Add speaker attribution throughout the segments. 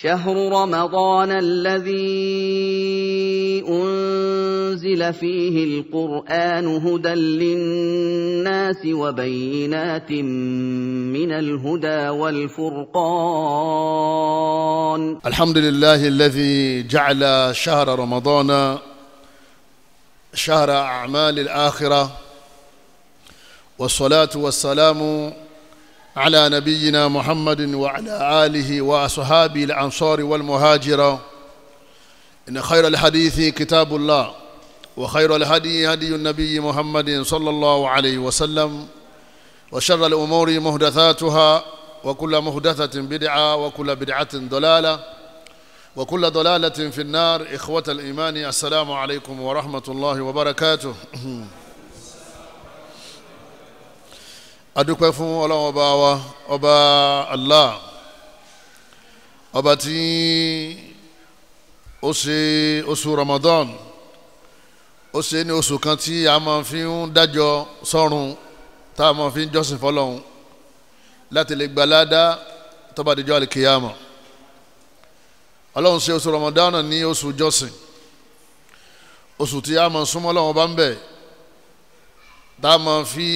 Speaker 1: شهر رمضان الذي انزل فيه القران هدى للناس وبينات من الهدى والفرقان الحمد لله الذي جعل شهر رمضان شهر اعمال الاخره والصلاه والسلام على نبينا محمد وعلى آله وأصحابه الأنصار والمهاجرة إن خير الحديث كتاب الله وخير الهدي هدي النبي محمد صلى الله عليه وسلم وشر الأمور مهدثاتها وكل مهدثة بدعة وكل بدعة ضلالة وكل ضلالة في النار إخوة الإيمان السلام عليكم ورحمة الله وبركاته adúpẹ́ fún ọlọ́run ọba wa ọba Allah ọba tí ó ṣe oṣù Ramadan ó ṣe ní oṣù kan tí a máa fi ń dájọ́ sọ́run tá a máa fi ń jọ́sìn fọlọ́run láti lè gbalada tó bá dijọ́ àlìkìyàmọ̀ ọlọ́run ṣe oṣù Ramadan ní oṣù jọ́sìn oṣù tí a máa súnmọ́ ọlọ́run ọba ń bẹ̀ tá a máa fi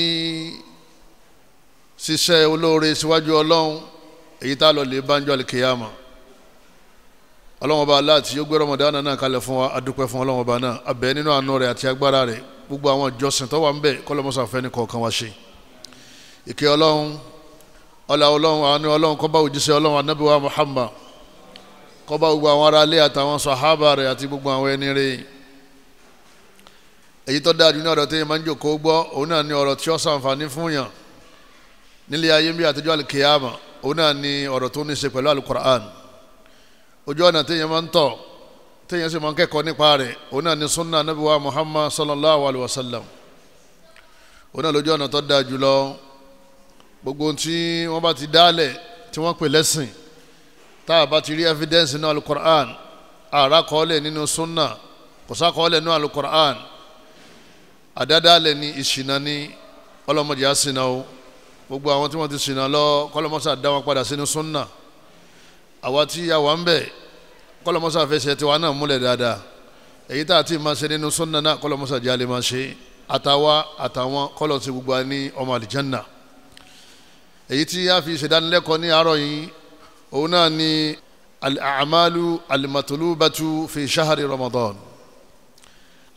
Speaker 1: ṣiṣẹ́ olóore síwájú ọlọ́run èyí tá a lọ lè bánjọ́ alikiyama ọlọ́run ọba aláàtí yóò gbé Ramadan náà kalẹ̀ fún wa adúpẹ́ fún ọlọ́run ọba náà abẹ́ nínú àánú rẹ̀ àti agbára rẹ̀ gbogbo àwọn ìjọsìn tó wà ń bẹ̀ kọ́lọ́mọ́sá fẹ́ ní kọ̀ọ̀kan wa ṣe ìkẹ́ ọlọ́run ọlá ọlọ́run àánú ọlọ́run kó bá òjíṣẹ́ ọlọ́run anábì wa Muhammad kó bá gbogbo àwọn aráalé àtàwọn sàhábà rẹ̀ àti gbogbo àwọn ẹni rẹ̀ èyí tó dáa jù ní ọ̀rọ̀ tí yẹn máa ń jòkó gbọ́ òun náà ní ọ̀rọ̀ tí ó ṣàǹfààní fún yàn nílé ayé bí àtijọ́ alikiyama òun náà ni ọ̀rọ̀ tó ní ṣe pẹ̀lú alukur'an ojú ọ̀nà téèyàn máa ń tọ̀ téèyàn sì máa ń kẹ́kọ̀ọ́ nípa rẹ̀ òun náà ni sunna anabi wa muhammad sallallahu alayhi wa sallam òun náà lójú ọ̀nà tó dáa jùlọ gbogbo tí wọ́n bá ti dálẹ̀ tí wọ́n pè lẹ́sìn tá a bá ti rí evidence nínú alukur'an àrà kọ́ọ́lẹ̀ nínú sunna kò sá kọ́ọ́lẹ̀ nínú alukur'an àdádálẹ̀ ni ìṣìnà ni ọlọ́mọdé á sinna o gbogbo àwọn tí wọ́n ti ṣìnà lọ kọ́lọ́mọ́sá dá wọn padà sínú súnà àwa tí a wà ń bẹ̀ kọ́lọ́mọ́sá fẹsẹ̀ tiwa náà múlẹ̀ dáadáa èyí tá a ti máa ṣe nínú súnà náà kọ́lọ́mọ́sá jáde máa ṣe àtàwa àtàwọn kọ́lọ́sí gbogbo ní ọmọ àlìjánná èyí tí a fi ṣèdánilẹ́kọ̀ọ́ ní àárọ̀ yìí òun náà ni al-a'malu fi shahri Ramadan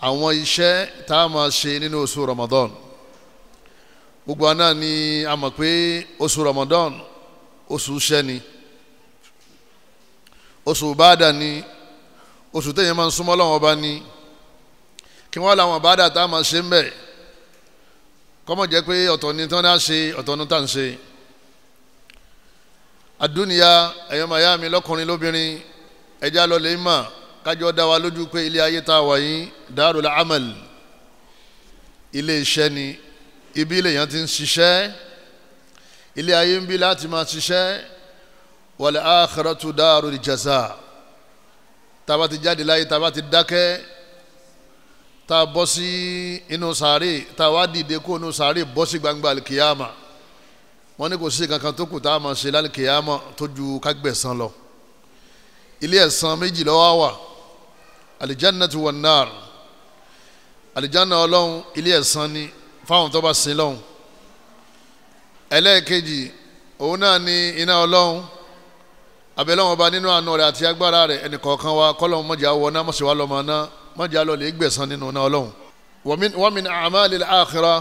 Speaker 1: àwọn iṣẹ́ tá a máa ṣe nínú oṣù Ramadan gbogbo àná ni a mọ̀ pé oṣù Ramadan oṣù iṣẹ́ ni oṣù báàdà ni oṣù tẹ̀yẹ̀ máa ń súnmọ́ Ọlọ́hun Ọba ni kí wọ́n làwọn báàdà tá a máa ṣe ń bẹ̀ kọ́mọ̀ jẹ́ pé ọ̀tọ̀ ni tí wọ́n dá ṣe ọ̀tọ̀ ni tá à ń ṣe àdúnìyà ẹ̀yọ́ màyá mi lọ́kùnrin lóbìnrin ẹja lọ lè mà kájọ dá wa lójú pé ilé ayé tá a wà yín dárul amal ilé iṣẹ́ ni ibi lèèyàn ti ń ṣiṣẹ́ ilé ayé ń bí láti máa ṣiṣẹ́ wal akhiratu darul jaza tába ti jáde láyé tába ti dákẹ́ tá a bọ́ sí inú sàárè tá a wá dìde kó inú sàárè bọ́ sí gbangba alikiyama wọ́n ní kò sí kankan tó kù tá a máa ṣe lálikiyama tó ju kágbẹ̀sán lọ ilé ẹ̀san méjì ló wà alijannatu wan nar alijanna ọlọ́run ilé ẹ̀san ni fáwọn tó bá sin lọ́hùn ẹlẹ́ẹ̀kejì òun náà ni iná ọlọ́hun abẹ́lẹ́wọ̀n ọba nínú àánú rẹ̀ àti agbára rẹ̀ ẹnìkọ̀ọ̀kan wa kọ́lọ́hún mọ̀jà wọ náà mọ̀sẹ̀ wà lọ́mọ náà mọ̀jà lọ lè nínú iná ọlọ́hun wọ́n mi ní àmàlì àkìrà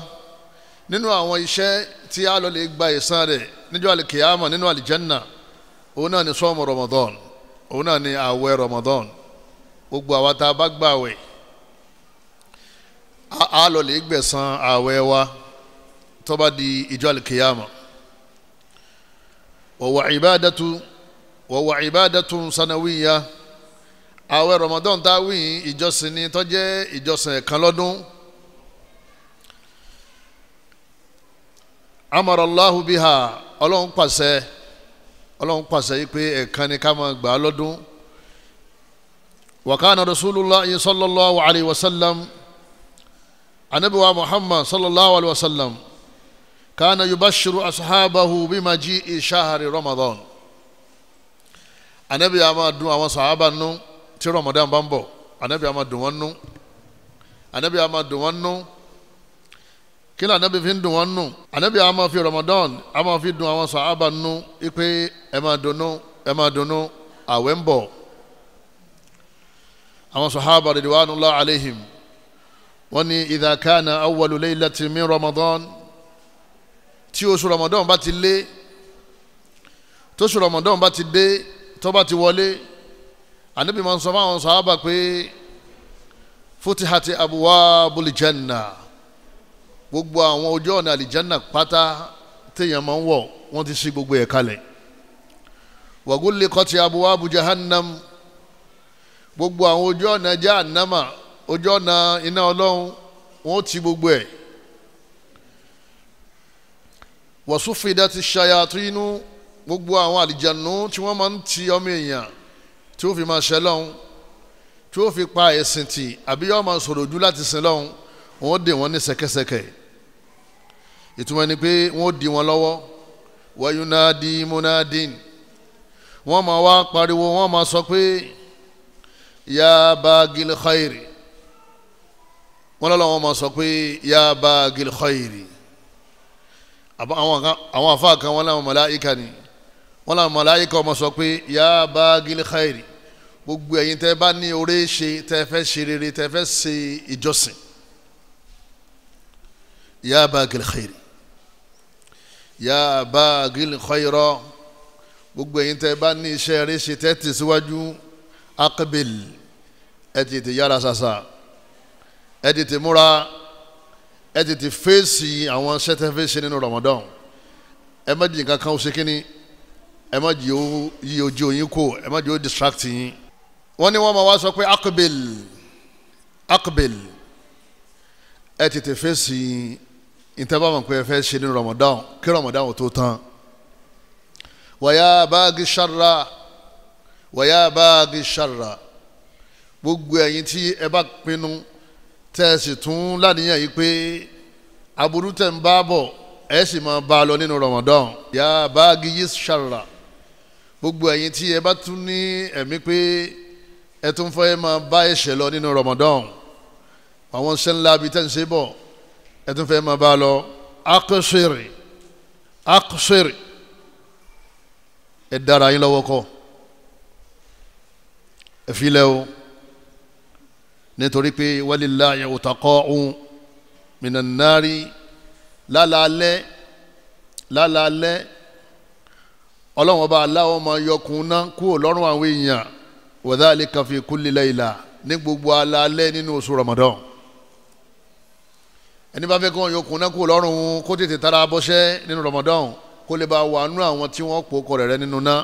Speaker 1: nínú àwọn iṣẹ́ tí a lọ gba ẹ̀san rẹ̀ níjọ́ àlìkìyàmọ̀ nínú àlìjẹ́nà òun náà ni sọ́ọ̀mù rọmọdọ́n òun náà ni àwẹ̀ rọmọdọ́n gbogbo àwa tá a bá gbàwẹ̀ a lọ lè gbẹ̀san ààwẹ̀ wa tó bá di ìjọ alikiyama wọ̀wọ̀ ìbádàtú wọ̀wọ̀ ìbádàtú sanawiya ààwẹ̀ Ramadan tá a wí ìjọsìn ni tó jẹ́ ìjọsìn ẹ̀kan lọ́dún. amarallahu biha ọlọ́run pàṣẹ ọlọ́run pàṣẹ yìí pé ẹ̀ẹ̀kan ni ká máa gbà á lọ́dún wakana rasulullah sallallahu alayhi wa sallam anabi wa muhammad sallallahu alaihi wa sallam kana yubashiru asahabahu bimaji ishahari ramadan anabi a máa dùn àwọn sahaba nù tí ramadan bá ń bọ̀ anabi a máa dùn wọ́n nù anabi a máa dùn wọ́n nù kí ni anabi fi ń dùn wọ́n nù anabi a máa fi ramadan a máa fi dùn àwọn sahaba nù ipe ẹ máa dùnnú ẹ máa dùnnú àwẹ̀ ń bọ̀ àwọn sahaba ridwanullahi alaihim wọ́n ní idha kana awwalu laylati min Ramadan tí oṣù Ramadan bá ti lé tóṣù Ramadan bá ti dé tó bá ti wọlé ànábì máa ń sọ fáwọn sàhábà pé futihati abwabul janna gbogbo àwọn ojú ọ̀nà àlìjánà pátá téèyàn máa ń wọ̀ wọ́n ti ṣí gbogbo ẹ̀ kalẹ̀ wa gulliqati abwabu jahannam gbogbo àwọn ojú ọ̀nà jahannama ojú ọ̀nà iná ọlọ́run wọ́n ti gbogbo ẹ̀ wọ̀súfìdá ti ṣayàtúnú gbogbo àwọn àlìjànú tí wọ́n máa ń ti ọmọ èèyàn tí ó fi máa ṣẹ lọ́hún tí ó fi pa ẹ̀sìn tì àbí yóò máa sọ̀rọ̀ ojú láti sin lọ́hún wọ́n dè wọ́n ní ṣẹ̀kẹ̀ṣẹ̀kẹ̀ ìtumọ̀ ni pé wọ́n di wọn lọ́wọ́ wayunadi munadin wọ́n máa wá pariwo wọ́n máa sọ pé ya bagil wọn lọ́la wọn máa sọ pé ya bagil khayri àwọn afa kan wọn làwọn màláìka ni wọn làwọn màláìka wọn máa sọ pé ya bagil khayri gbogbo ẹ̀yin tẹ́ bá ní oore ṣe tẹ́ fẹ́ ṣe rere tẹ́ fẹ́ ṣe ìjọsìn ya bagil khayri ya bagil khayra gbogbo ẹ̀yin tẹ́ bá ní iṣẹ́ rere ṣe tẹ́ tẹ̀síwájú aqbil ẹ̀ tètè yára ṣàṣà ẹ tètè múra ẹ tètè fèsì àwọn sẹtẹfẹsẹ nínú Ramadan ẹ má jìn kankan ṣe kínní ẹ má jì ó yí ojú oyin kó ẹ má jì ó distract yín wọ́n ní wọ́n máa wá sọ pé akbil akbil ẹ tètè fèsì ìtẹ́bàmọ̀ pé ẹ fẹ́ ṣe nínú Ramadan kí Ramadan ò tó tán wàyà báàgì sharra wàyà báàgì sharra gbogbo ẹ̀yin tí ẹ bá pinnu tẹ́ ẹ sì tún láníyàn yìí pé aburú tẹ̀ ń bá bọ̀ ẹ sì máa bá a lọ nínú Ramadan yà báàgì yìí ṣàrà gbogbo ẹ̀yin tí ẹ bá tún ní ẹ̀mí pé ẹ tún fẹ́ máa bá ẹ̀ṣẹ̀ lọ nínú Ramadan àwọn ṣẹ́ ńlá bíi tẹ́ ń ṣe bọ̀ ẹ tún fẹ́ máa bá a lọ akọ́ṣẹ́rì akọ́ṣẹ́rì ẹ dára yín lọ́wọ́ kọ́ ẹ fi lẹ́wọ́ nítorí pé wálélá yẹ̀wò takọ́ ohun mìíràn náírì lálàálẹ́ lálàálẹ́ ọlọ́run ọba aláwọ̀ máa yọkùn ná kúrò lọ́rùn àwọn èèyàn wọ̀dá àlékàfé kúlélẹ̀ ìlà ní gbogbo alaalẹ́ nínú oṣù Ramadan ẹni bá fẹ́ kí wọ́n yọkùn ná kúrò lọ́rùn kó tètè tara bọ́ṣẹ́ nínú Ramadan kó lè bá wà àwọn tí wọ́n pò rẹ̀ nínú ná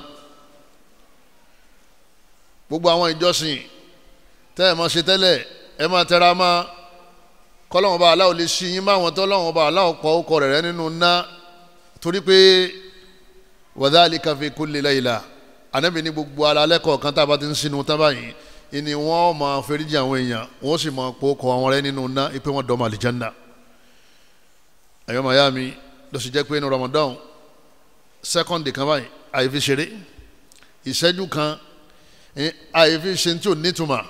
Speaker 1: gbogbo àwọn ìjọsìn tẹ́ ẹ máa ṣe tẹ́lẹ̀ ẹ máa tẹra mọ́ kọ́lọ́wọ́n bá aláwọ̀ lè ṣí yín máwọn tọ́lọ́wọ́n bá aláwọ̀ pọ̀ ó kọ rẹ̀ rẹ́ nínú ná torí pé wadhalika fi kulli layla ànábì ní gbogbo alalẹ́ kọ̀ọ̀kan tá a ti ń sinú tán báyìí ìní wọ́n máa feríjì àwọn èèyàn wọ́n sì máa pọ̀ kọ́ àwọn rẹ̀ nínú ná ipe wọn dọ́mọ àlìjánná ẹ̀yọ́ màyá mi ló sì jẹ́ pé inú Ramadan sẹ́kọ̀ndì kan báyìí àyè fi ṣeré ìṣẹ́jú kan àyè fi ṣe tí ò nítumọ̀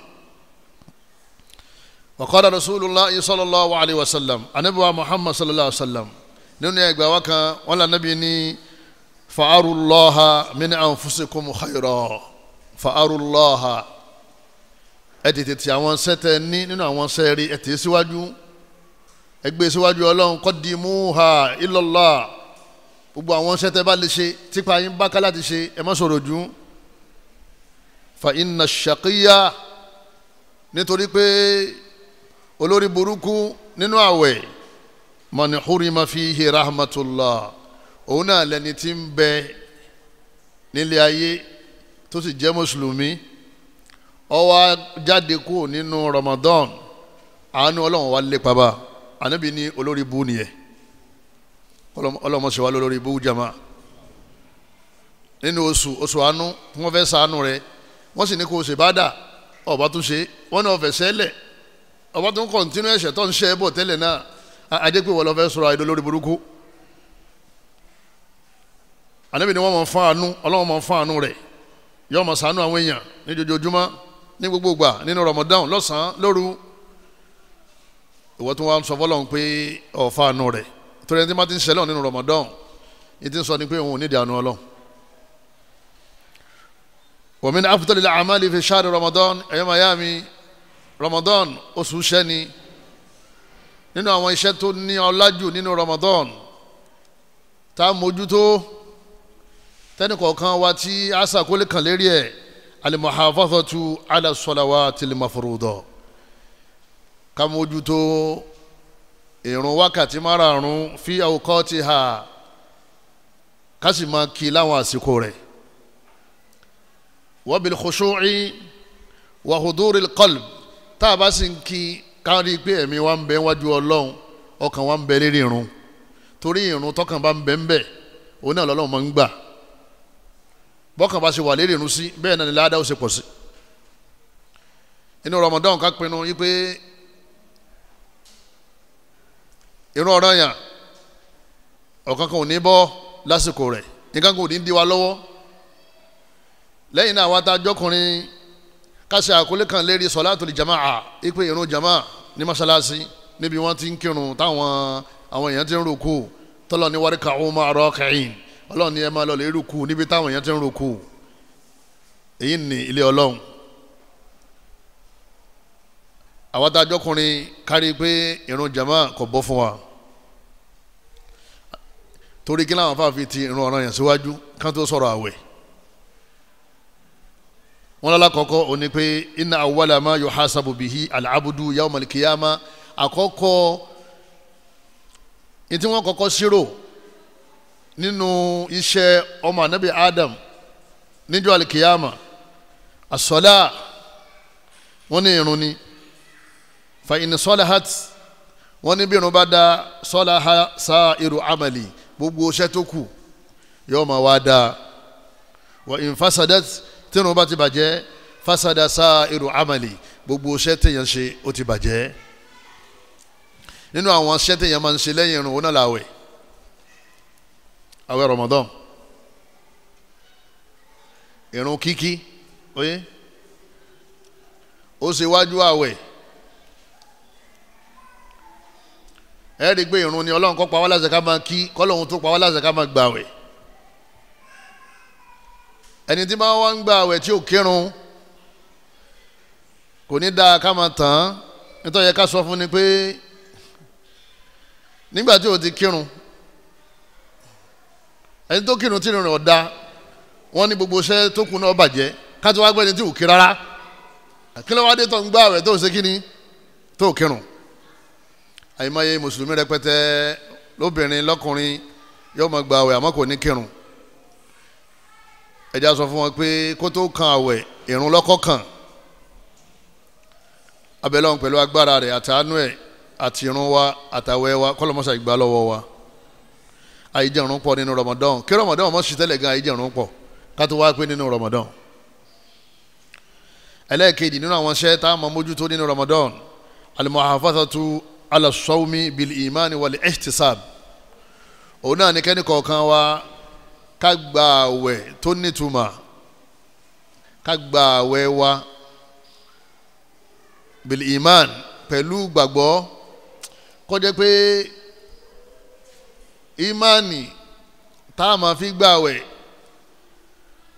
Speaker 1: wàkọ́dà rasulullah sallallahu alayhi wa sallam anabiwa muhammad sallallahu alayhi wa sallam nínú ẹgbẹ́ wa kan wọn lànàbí ní fa'arullaha min anfusikum khayra fa'arullaha ẹ tètè tí àwọn sẹ́tẹ̀ ní nínú àwọn sẹ́ẹ̀rí ẹ tètè síwájú ẹ gbé síwájú ọlọ́run qaddimuha ilallah gbogbo àwọn sẹ́tẹ̀ bá lè ṣe tipa yín bákà láti ṣe ẹ má sọ̀rọ̀ jù fa inna shaqiya nítorí pé olórí burúkú nínú àwẹ̀ mọ̀nì hurima fihi rahmatullah òun náà lẹni tí ń bẹ nílé ayé tó sì jẹ́ mùsùlùmí ó wá jáde kúrò nínú Ramadan àánú ọlọ́run wa lé paba ànábì ní olórí bú nìyẹn ọlọ́mọṣẹ́ wa lórí bú jama nínú oṣù oṣù àánú wọ́n fẹ́ ṣàánú rẹ̀ wọ́n sì ní kó o ṣèbádà ọba tún ṣe wọ́n ní ọ̀fẹ́ sẹ́lẹ̀ ọba tó ń kọ̀ntínú ẹ̀ṣẹ̀ tó ń ṣe é bọ̀ tẹ́lẹ̀ náà ajẹ́ pé wọ́n lọ fẹ́ sọ̀rọ̀ àìdó lórí burúkú ànábì ni wọ́n máa fún àánú ọlọ́wọ́n máa fún àánú rẹ̀ yọ máa ṣàánú àwọn èèyàn ní jojoojúmọ́ ní gbogbo ìgbà nínú Ramadan lọ́sàn-án lóru ìwọ́n tó wá ń sọ fọ́lọ́n pé ọ̀fà àánú rẹ̀ torí ẹni tí wọ́n ti ń ṣẹlẹ̀ nínú Ramadan yìí ti ń sọ ni pé òun ò nídìí àánú ọlọ́run wa min afdalil a'mali fi shahri Ramadan ẹ̀yọ́ miami Ramadan oṣù iṣẹ́ ni nínú àwọn iṣẹ́ tó ní ọlájù nínú Ramadan tá a mójútó tẹnìkọ̀ọ̀kan wa tí a ṣàkólé kan lérí ẹ̀ alimuhafazatu ala salawatil mafruda ká mójútó ìrun wákàtí márààrún fi awqatiha ká sì máa kí láwọn àsìkò rẹ̀ wa bil khushu'i wa huduril qalb. tá a bá sì ń kí káwọn rí i pé ẹ̀mí wa ń bẹ wájú ọlọ́run ọkàn wa ń bẹ lérí irun torí irun tọkàn bá ń bẹ ń bẹ òun náà lọ́lọ́run máa ń gbà bọ́kàn bá ṣe wà lérí irun sí bẹ́ẹ̀ náà ni ládàá ó ṣe pọ̀ sí inú Ramadan ká pinnu yí pé irun ọ̀rọ̀ yàn ọ̀kan kan ò ní bọ́ lásìkò rẹ̀ nǹkan kan ò ní di wa lọ́wọ́ kásì àkọlé kan lérí sọláàtòlì jamaa ipe irun jamaa ní masalasi níbi wọn ti ń kírun táwọn àwọn èèyàn ti ń ruku tọ́lọ̀ ní wárí kàwọn máa rọ kẹ́yìn ọlọ́run ní ẹ máa ruku níbi táwọn èèyàn ti ń ruku èyí ni ilé ọlọ́run àwọn tá a jọkùnrin kárí irun jamaa kò bọ́ fún wa torí kí láwọn fàáfi ti irun ọ̀ràn yẹn síwájú kán tó sọ̀rọ̀ wọn lọ́la kọ́kọ́ ó ní pé inna awwala ma yuhasabu bihi al-abdu yawmal qiyama àkọ́kọ́ ní tí wọ́n kọ́kọ́ ṣírò nínú iṣẹ́ ọmọ anabi adam níjọ́ alikiyama asọ́lá wọ́n ní irun ni fa in salahat wọ́n ní bí irun bá da salaha sa'iru amali gbogbo iṣẹ́ tó kù yóò máa wá dáa wa in tẹ́nu bá ti bàjẹ́ fásádà sá amali gbogbo iṣẹ́ téèyàn ṣe ó ti bàjẹ́ nínú àwọn iṣẹ́ téèyàn máa ń ṣe lẹ́yìn irun oná làwẹ̀ àwẹ̀ Ramadan irun kíkí oye ó ṣe wájú àwẹ̀ ẹ rí i pé irun ni Ọlọ́run kọ́ pa wá láṣẹ ká máa kí kọ́ tó pa wá láṣẹ ká máa gbàwẹ̀ ẹni tí bá wá ń gba àwẹ̀ tí ò kírun kò ní dáa ká máa tàn án nítorí yẹ ká sọ fún ni pé nígbà tí o ti kírun ẹni tó kírun tí ìrìn ọ̀dà wọ́n ní gbogbo iṣẹ́ tó kù náà bàjẹ́ ká tó wá gbẹ́ni tí ò kí rárá kí tó ń gba àwẹ̀ tó ṣe kí ni tó kírun àyèmáyé mùsùlùmí rẹpẹtẹ lóbìnrin lọ́kùnrin yóò máa gba àwẹ̀ àmọ́ kò ní kírun ẹja sọ fún wọn pé kó tó kan àwẹ̀ ìrun lọ́kọ́ kan abẹ́lọ́hún pẹ̀lú agbára rẹ̀ àtàánú ẹ̀ àti ìrun wa àtàwẹ̀ wa kọ́lọ́mọ́sá ìgbà lọ́wọ́ wa àìjẹ̀rún pọ̀ nínú Ramadan kí Ramadan mọ̀ sí tẹ́lẹ̀ gan àìjẹ̀rún pọ̀ ká tó wá pé nínú Ramadan ẹlẹ́ẹ̀kejì nínú àwọn iṣẹ́ tá a mọ̀ mójútó nínú Ramadan alimuhafazatu alasawmi bil imani wal òun náà ní kẹ́ni ká gba àwẹ̀ tó nítumọ̀ ká gba àwẹ̀ wa bil iman pẹ̀lú gbàgbọ́ kó jẹ́ pé imani tá a máa fi gba àwẹ̀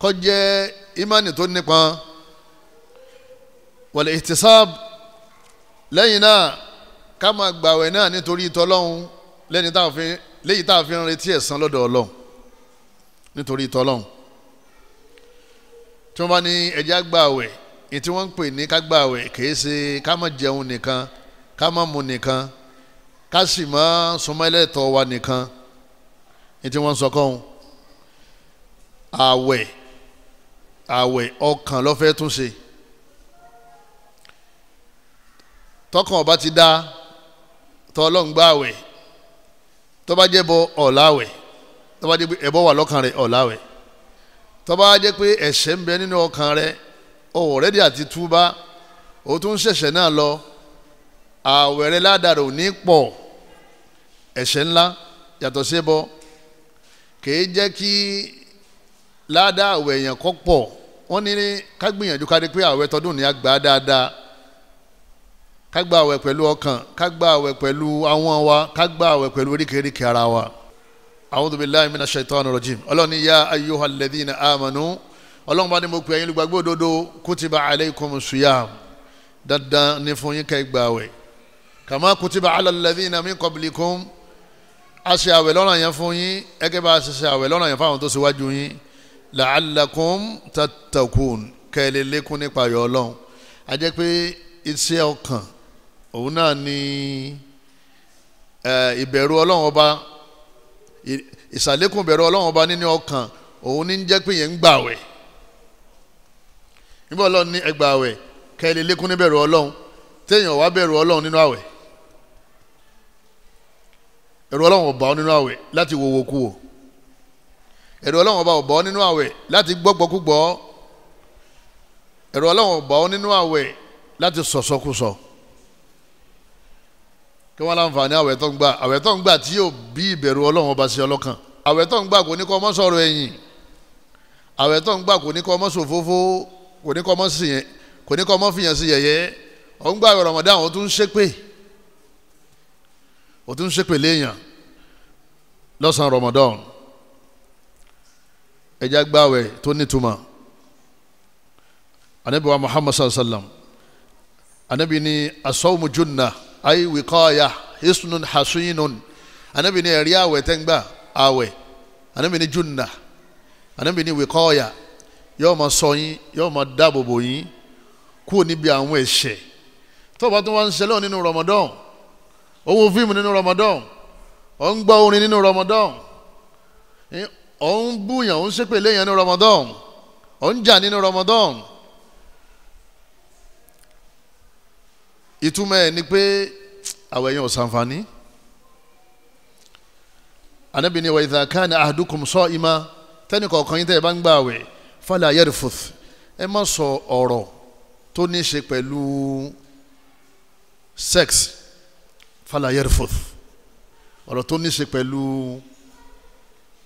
Speaker 1: kó jẹ́ imani tó nípọn wal ihtisab lẹ́yìn náà ká máa gba àwẹ̀ náà nítorí tọ́lọ́hún lẹ́yìn tá a fi ń retí ẹ̀san lọ́dọ̀ ọlọ́hun nítorí tọ́lọ́hún tí wọ́n bá ní ẹja gbààwẹ̀ èyí tí wọ́n ń pè ní ká gbààwẹ̀ kìí ṣe ká má jẹun nìkan ká má mu nìkan ká sì má súnmọ́ ẹlẹ́tọ̀ wa nìkan èyí tí wọ́n ń sọ kọ́hún àwẹ̀ àwẹ̀ ọkàn lọ́fẹ́ tún ṣe tọkàn ọba ti dá tọ́ ọlọ́ngbàwẹ̀ tọ́bajẹ́bọ ọ̀làwẹ̀ tó bá jẹ́ pé ẹbọ wà lọ́kàn rẹ̀ ọ̀làwẹ̀ tó bá jẹ́ pé ẹ̀ṣẹ̀ ń bẹ nínú ọkàn rẹ̀ ọ̀rẹ́dì àti túbá ó tún ṣẹ̀ṣẹ̀ náà lọ ààwẹ̀ rẹ̀ ládàrò ní pọ̀ ẹ̀ṣẹ̀ ńlá yàtọ̀ sí ẹbọ kìí jẹ́ kí ládàá àwẹ̀ èèyàn kọ́ pọ̀ wọ́n ní ká ká rí pé àwẹ̀ tọdún ní àgbà dáadáa ká àwẹ̀ pẹ̀lú ọkàn ká àwẹ̀ pẹ̀lú àwọn wa ká àwẹ̀ pẹ̀lú oríkèéríkèé ara wa a'udhu billahi minash shaitani rajim ọlọ́run ní ya ayyuhal ladhina amanu ọlọ́run bá ní mo pè ẹ̀yin olùgbàgbọ́ òdodo kutiba alaykum suyam dandan ní fún yín kẹ́ gbààwẹ̀ kama kutiba ala ladhina min qablikum a ṣe àwẹ̀ lọ́ràn yẹn fún yín ẹgẹ́ bá a ṣe ṣe àwẹ̀ lọ́ràn yẹn fáwọn tó ṣíwájú yín la'allakum tattaqun kẹ́lẹ́ nípa ayọ̀ ọlọ́run a jẹ́ pé iṣẹ́ ọkàn òun náà ni ìbẹ̀rù ọlọ́run ọba ìsàlékùn bẹ̀rẹ̀ ọlọ́run ọba nínú ọkàn òun ní jẹ́ pé yẹn ń gbàwẹ̀ níbo ọlọ́run ní ẹgbàwẹ̀ kẹ́lẹ́ lékún ní bẹ̀rù ọlọ́run téèyàn wá bẹ̀rù ọlọ́run nínú àwẹ̀ ẹ̀rù ọlọ́run ọba ọ nínú àwẹ̀ láti wòwò kú wò ẹ̀rù ọlọ́run ọba ọba ọ nínú àwẹ̀ láti gbọ́gbọ́kúgbọ́ ẹ̀rù ọlọ́run ọba nínú àwẹ̀ láti sọ̀sọ́kúsọ. So, so, so kí wọ́n láǹfààní àwẹ̀ tó ń gbà àwẹ̀ tó ń gbà tí yóò bí ìbẹ̀rù ọlọ́run ọba sí ọlọ́kàn àwẹ̀ tó ń gbà kò ní kọ́ ọmọ sọ̀rọ̀ ẹ̀yìn àwẹ̀ ń gbà kò ní kọ́ ọmọ sòfófó kò ní kọ́ ọmọ sìyẹn kò ní kọ́ ọmọ fìyàn sí yẹ̀yẹ́ ọ̀ gbà àwẹ̀ Ramadan ó tún ṣépè ó tún ṣépè léèyàn lọ́sàn Ramadan ẹja gbàwẹ̀ tó nítumọ̀ anabi wa Muhammad sallallahu alaihi wa sallam anabi ni asawmu junna ayi wikaya hisnun hasunun anabi ni ẹ̀rí àwẹ̀ tẹ́ngbà àwẹ̀ anabi ni junna anabi ni wikaya yóò máa ṣọ́ yín yóò máa dáàbò bò yín kúrò níbi àwọn ẹ̀ṣẹ̀ tó bá ń ṣẹlẹ̀ nínú Ramadan ó wo fíìmù nínú Ramadan ó ń gbọ́ orin nínú Ramadan ó ń búyàn ó ń ṣépè léyàn nínú Ramadan ó ń jà nínú Ramadan. ìtumọ̀ ẹ̀ ni pé àwẹ̀ yẹn ò sànfàní anabi ni wa idha kana ahadukum sa'ima tẹ́nì kọ̀ọ̀kan yín tẹ́ ẹ bá ń gbà àwẹ̀ fala yarfuth ẹ má sọ ọ̀rọ̀ tó ní í ṣe pẹ̀lú sex fala yarfuth ọ̀rọ̀ tó ní í ṣe pẹ̀lú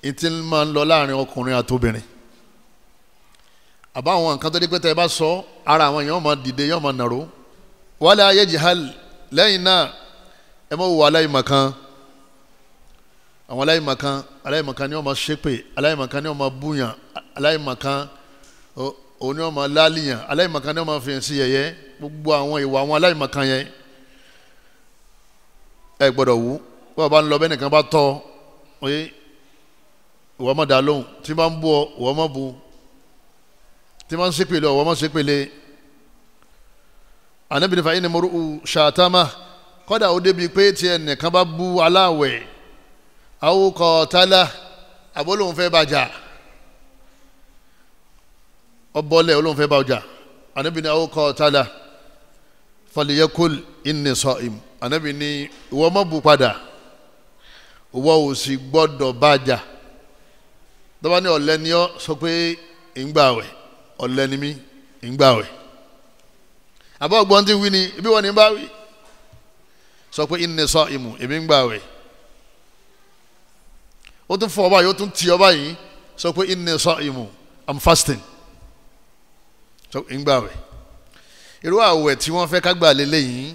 Speaker 1: ìtí máa ń lọ láàrin ọkùnrin àtobìnrin àbáwọn nǹkan tó dé pé tẹ́ ẹ bá sọ ara àwọn èèyàn máa dìde yóò máa nàró wala yajhal lẹ́yìn náà ẹ mọ̀ wò aláìmọ̀kan àwọn aláìmọ̀kan aláìmọ̀kan ni wọ́n máa ṣépè aláìmọ̀kan ni wọ́n máa búyàn aláìmọ̀kan òun ni wọ́n máa láàlìyàn aláìmọ̀kan ni wọ́n máa fìyàn sí yẹ̀yẹ́ gbogbo àwọn ìwà àwọn aláìmọ̀kan yẹn ẹ gbọ́dọ̀ wú bọ́ọ̀ bá ń lọ bẹ́nìkan bá tọ́ oye ìwọ má dá lóhùn tí bá ń bú ọ ìwọ má tí bá ń ṣépè lọ ìwọ má ṣépè lé e anabi nífa yìí ni moru ṣàtàmà kọ́dà ó débi pé tí ẹnìkan bá bú aláwẹ̀ awokọ̀ tálá abọ́lóhùn fẹ́ bàjá ọbọ̀lẹ̀ olóhùn fẹ́ bàjá anabi ní awokọ̀ tálá faliyakul inni sa'im anabi ní ìwọ má bú padà ìwọ ò sì gbọ́dọ̀ bàjá dọ́bà ní ọ̀lẹ́ni ọ́ sọ pé ìgbàwẹ̀ àbá ọgbọ́n ti wí ni ibi wọn ni bá wí sọ pé inni sa'imu èmi ń gbààwẹ̀ ó tún fọ ọba yìí ó tún ti ọba yìí sọ pé inni sa'imu i'm fasting sọ pé ń gbààwẹ̀ irú àwẹ̀ tí wọ́n fẹ́ ká gbà lélẹ́yìn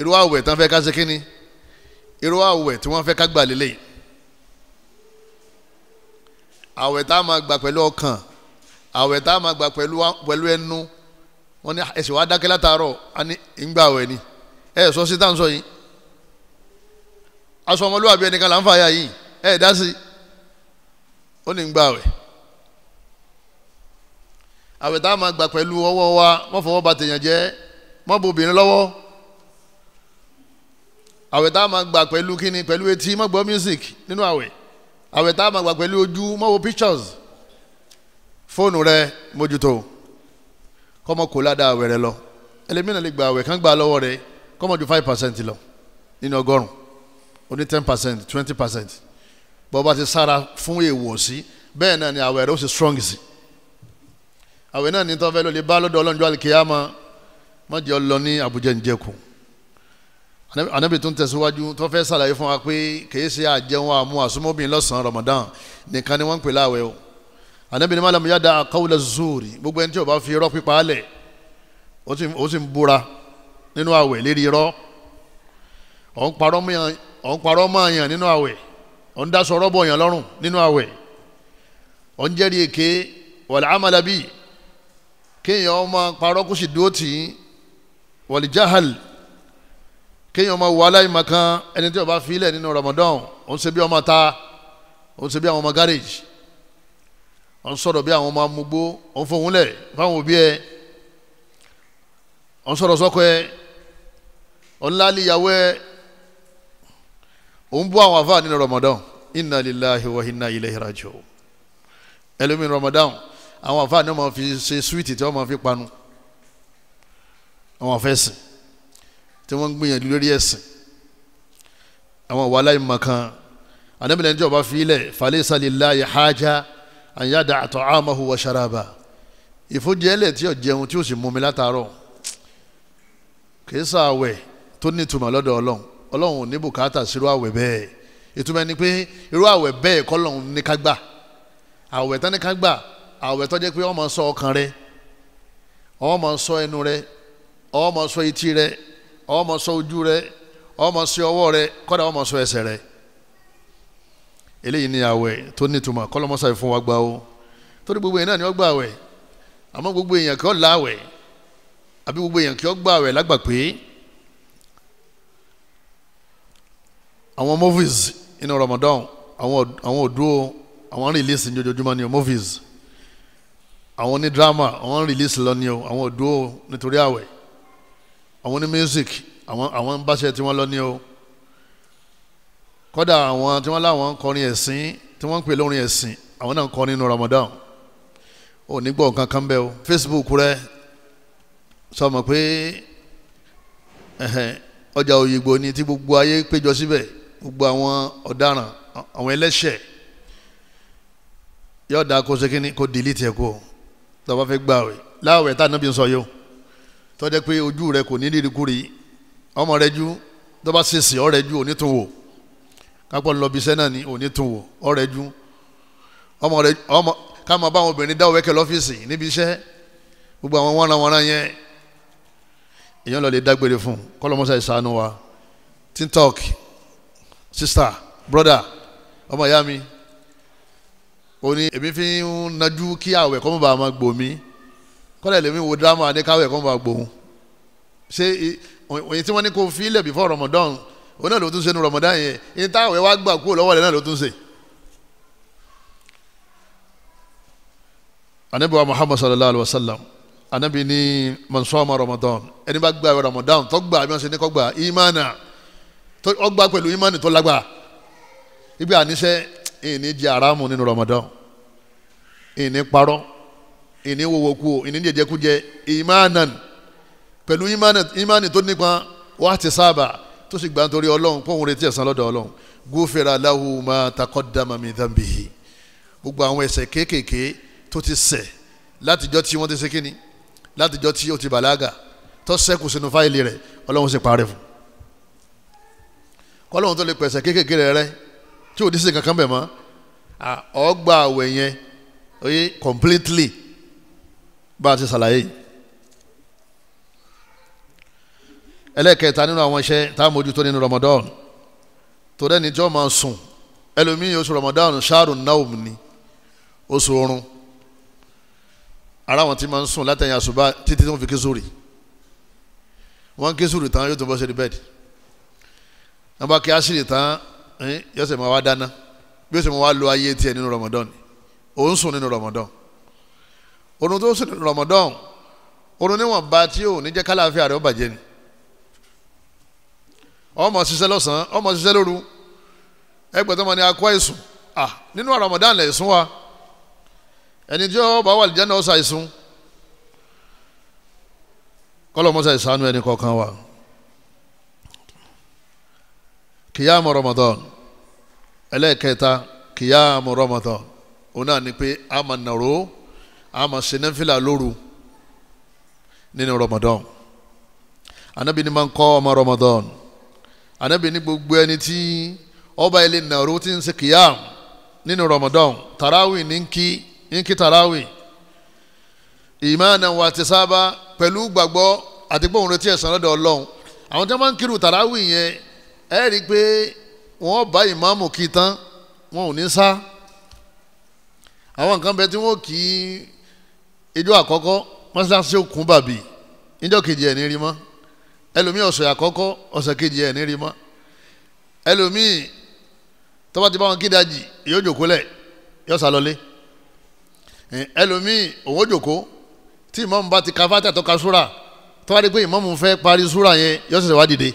Speaker 1: irú àwẹ̀ tí wọ́n fẹ́ ká ṣe kínní irú àwẹ̀ tí wọ́n fẹ́ ká gbà lélẹ́yìn àwẹ̀ tá a máa gbà pẹ̀lú ọkàn àwẹ̀ tá a máa gbà pẹ̀lú ẹnu wọ́n ní ẹ̀sìn wa dákẹ́ látàárọ̀ àní ìgbà wẹ̀ ni ẹ̀ sọ sí táǹsọ yìí aṣọ ọmọlúwàbí ẹnìkan là ń fàyà yìí ẹ̀ dá sí ó ní ìgbà wẹ̀ àwẹ̀ tá a máa gbà pẹ̀lú ọwọ́ wa wọ́n fọwọ́ ba tèèyàn jẹ́ mọ́ bo obìnrin lọ́wọ́ àwẹ̀ tá a máa gbà pẹ̀lú kíni pẹ̀lú etí mọ́ gbọ́ music nínú àwẹ̀ àwẹ̀ tá a máa gbà pẹ̀lú ojú mọ́ wo pictures fóònù rẹ mójútó kọ́mọ kò ládàá àwẹ̀ rẹ lọ ẹlẹ́mìnà lè gba àwẹ̀ kan gba lọ́wọ́ rẹ kọ́mọ ju five percent lọ nínú ọgọ́rùn ó ní ten percent twenty percent bó bá ti sára fún èèwọ̀ sí bẹ́ẹ̀ náà ni àwẹ̀ rẹ ó sì strong sí àwẹ̀ náà ní tọ́fẹ́ ló lè bá lọ́dọ̀ ọlọ́njọ́ àlìkèyàmọ́ mọ́jọ́ lọ ní àbújá ìjẹkùn anabi tún tẹ̀síwájú tó fẹ́ sàlàyé fún wa pé kì ṣe àjẹun àmú àsomọ́bìnrin lọ́sàn-án Ramadan nìkan ni wọ́n ń anabi ni malam yada kawula zuuri gbogbo ẹni tí ó bá fi irọ́ pípa alẹ̀ ó sì ń búra nínú àwẹ̀ lérí irọ́ ọ̀ ń parọ́ mọ́ àyàn nínú àwẹ̀ ọ̀ ń daṣọ rọ́bọ̀ yàn lọ́rùn nínú àwẹ̀ ọ̀ ń jẹ́rìí èké wàlẹ̀ amalabi kéèyàn ọmọ parọ́ kó sì dúró tì í wàlẹ̀ jahal kéèyàn ọmọ wàhálà ìmọ̀ kan ẹni tí ó bá fi ilẹ̀ nínú Ramadan ó ń ṣe bí ọmọ ta ó ń ṣe bí ọmọ garage wọ́n sọ̀rọ̀ bí àwọn ọmọ amúgbó wọ́n fọ̀hún lẹ̀ fáwọn òbí ẹ̀ wọ́n sọ̀rọ̀ sọ́kọ ẹ̀ wọ́n lálẹ́ ìyàwó ẹ̀ òun bú àwọn àfáà nínú Ramadan inna lillahi wa inna ilayhi raji'un ẹlòmíì Ramadan àwọn àfáà ni máa fi ṣe súwìtì tí wọ́n máa fi panu àwọn afẹ́sìn tí wọ́n ń gbìyànjú lórí ẹ̀sìn àwọn wàhálà ìmọ̀ kan àdébìnrin tí ọba fi ilẹ̀ falẹ́ sálẹ̀ láyé hájá àyàdà àtọ̀ àmàhù wà ṣaraba ìfúnjẹ́lẹ̀ tí ò jẹun tí ó sì mumi látàárọ̀ kìí sàwẹ̀ tó ní ìtumọ̀ lọ́dọ̀ ọlọ́run ọlọ́run ò ní bùkátà sírú àwẹ̀ bẹ́ẹ̀ ìtumọ̀ ni pé irú àwẹ̀ bẹ́ẹ̀ kọ́lọ́run ní ká gbà àwẹ̀ tán ní ká gbà àwẹ̀ tó jẹ́ pé ó máa ọkàn rẹ ó máa ẹnu rẹ ó máa etí rẹ ó máa ojú rẹ ó máa ọwọ́ rẹ kódà ó máa ẹsẹ̀ rẹ eléyìí ni àwẹ̀ tó nítumọ̀ kọ́lọ́mọ́sá yìí fún wa gbà o torí gbogbo yẹn náà ni wọ́n gbà àwẹ̀ àmọ́ gbogbo èèyàn kí wọ́n la àwẹ̀ àbí gbogbo èèyàn kí wọ́n gbà àwẹ̀ lágbà pé àwọn movies inú Ramadan àwọn òdúró àwọn release ní ojoojúmọ́ ni o movies àwọn ní drama àwọn release lọ ni o àwọn òdúró nítorí àwẹ̀ àwọn ní music àwọn báṣẹ tí wọ́n lọ ni o kọ́dà àwọn tí wọ́n láwọn ń kọrin ẹ̀sìn tí wọ́n ń pè lórin ẹ̀sìn àwọn náà ń kọrin nínú Ramadan ò ní gbọ́ nǹkan kan bẹ́ẹ̀ o Facebook rẹ sọ ma pé ọjà òyìnbó ni tí gbogbo ayé péjọ síbẹ̀ gbogbo àwọn ọ̀daràn àwọn ẹlẹ́ṣẹ̀ yóò dáa kó sekínì kó dìlítì ẹ̀ kó tó bá fẹ́ gbààwẹ̀ láwẹ̀ tá nàbí sọ yóò tó jẹ́ pé ojú rẹ kò ní rírikúri ọmọ rẹ jú tó bá ṣèṣì ọ rẹ onítòwò kápọ̀ lọ bíṣẹ́ náà ni òní tún wò ọ̀rẹ́ ju ọmọ rẹ ọmọ ká máa bá àwọn obìnrin dáwọ́ wẹ́kẹ̀ lọ́fíìsì níbi iṣẹ́ gbogbo àwọn wọ́nrawọ́nra yẹn èèyàn lọ lè dágbére fún kọ́lọ́mọ́sá ìsànú wa tintok sista broda ọmọ ìyá mi òní èmi fi ń najú kí àwẹ̀ kọ́mọ́ bá máa gbò mí kọ́lẹ̀ lèmi wo dírámà ní káwẹ̀ kọ́mọ́ bá gbòun ṣé òyìn tí wọ́n ní kó fi ilẹ̀ bí fọ́ rọmọdọ́n òun náà ló tún ṣe nu Ramadan yẹn ní táwọn ẹ̀ wá gbà kúrò lọ́wọ́ rẹ̀ náà ló tún ṣe. anabi wa muhammad sallallahu alaihi wa sallam anabi ni mansoma ramadan ẹni bá gba ramadan tó gba bí wọn ṣe ní kó gba imana ó gba pẹ̀lú imani tó lágbà ibi àníṣe ìní jẹ aramu nínú ramadan ìní parọ́ ìní wowoku ìní jẹjẹkújẹ imanan pẹ̀lú imani tó nípa wàá ti sábà tó sì gbà nítorí ọlọ́run pọ́n retí ẹ̀san lọ́dọ̀ ọlọ́run gufira lahu ma taqaddama min dhanbihi gbogbo àwọn ẹ̀ṣẹ̀ kéékèèké tó ti ṣẹ̀ látijọ́ tí wọ́n ti ṣe kíni látijọ́ tí ó ti bàlágà tó ṣẹ́kù sínú fáìlì rẹ̀ ọlọ́run sì parẹ́ fún kọ́lọ́run tó lè pẹ̀ṣẹ̀ kéékèèké rẹ̀ rẹ́ tí ò ní sí kankan bẹ̀ mọ́ ọgbà àwẹ̀ yẹn oye completely bá a ti ṣàlàyé yìí ẹlẹ́ẹ̀kẹta nínú àwọn iṣẹ́ tá a mójútó nínú Ramadan tó dẹ́ni jọ́ máa sùn ẹlòmíì oṣù Ramadan ṣáàrùn náà ni oṣù oorun ara wọn ti máa ń sùn látẹ̀yìn àṣùbà títí tó ń fi kí sùúrì wọ́n kí sùúrì tán yóò tún bọ́ sí bẹ́ẹ̀dì wọ́n bá kí àṣírí tán yóò sì máa wá dáná bí ó sì máa wá lo ayé tiẹ̀ nínú Ramadan òun sùn nínú Ramadan oorun tó sùn nínú Ramadan oorun níwọ̀nba tí ò ní jẹ́ kálàáfíà rẹ̀ ó ọmọ ṣiṣẹ́ lọ́sàn-án ọmọ ṣiṣẹ́ lóru ẹgbẹ̀tọ́ mọ ni akọ ẹ̀sùn à nínú Ramadan lẹ̀ ẹ̀sùn wa ẹni tí ó bá wà lìjẹ́ náà ṣà ẹ̀sùn kọ́lọ̀ mọ́ṣá ìṣàánú ẹni kọ̀ọ̀kan wa kìyàmù Ramadan ẹlẹ́ẹ̀kẹta kìyàmù Ramadan òun náà ni pé a máa nàró a máa ṣe nẹ́fìlà lóru nínú Ramadan Ànábì ní máa ń kọ́ ọmọ Ramadan anabi ní gbogbo ẹni tí ọba ilé nàró ti ń ṣe kìyàm nínú Ramadan tarawih ní kí ní kí tarawih ìmáàna wa ti sábà pẹ̀lú gbàgbọ́ àti pé òun retí ẹ̀san lọ́dọ̀ ọlọ́run àwọn tí wọ́n máa ń kírun tarawih yẹn ẹ rí i pé wọ́n bá ìmáàmù kí tán wọn ò ní sá àwọn nǹkan bẹ tí wọ́n kì í ijó àkọ́kọ́ mọ́ṣáláṣí òkun bàbí níjọ́ kejì ẹ̀ ní rí mọ́ ẹlòmíì ọ̀sẹ̀ àkọ́kọ́ ọ̀sẹ̀ kejì ẹ̀ ní rí mọ́ ẹlòmíì tọ́ba ti bá wọn kídàjì yóò jòkó lẹ̀ yóò sá lọlé ẹlòmíì òwò jòkó tí ìmọ̀mù bá ti ka fátà tó ka súra tọ́ba di pé ìmọ̀mù fẹ́ parí súra yẹn yóò ṣẹ̀ṣẹ̀ wá dìde.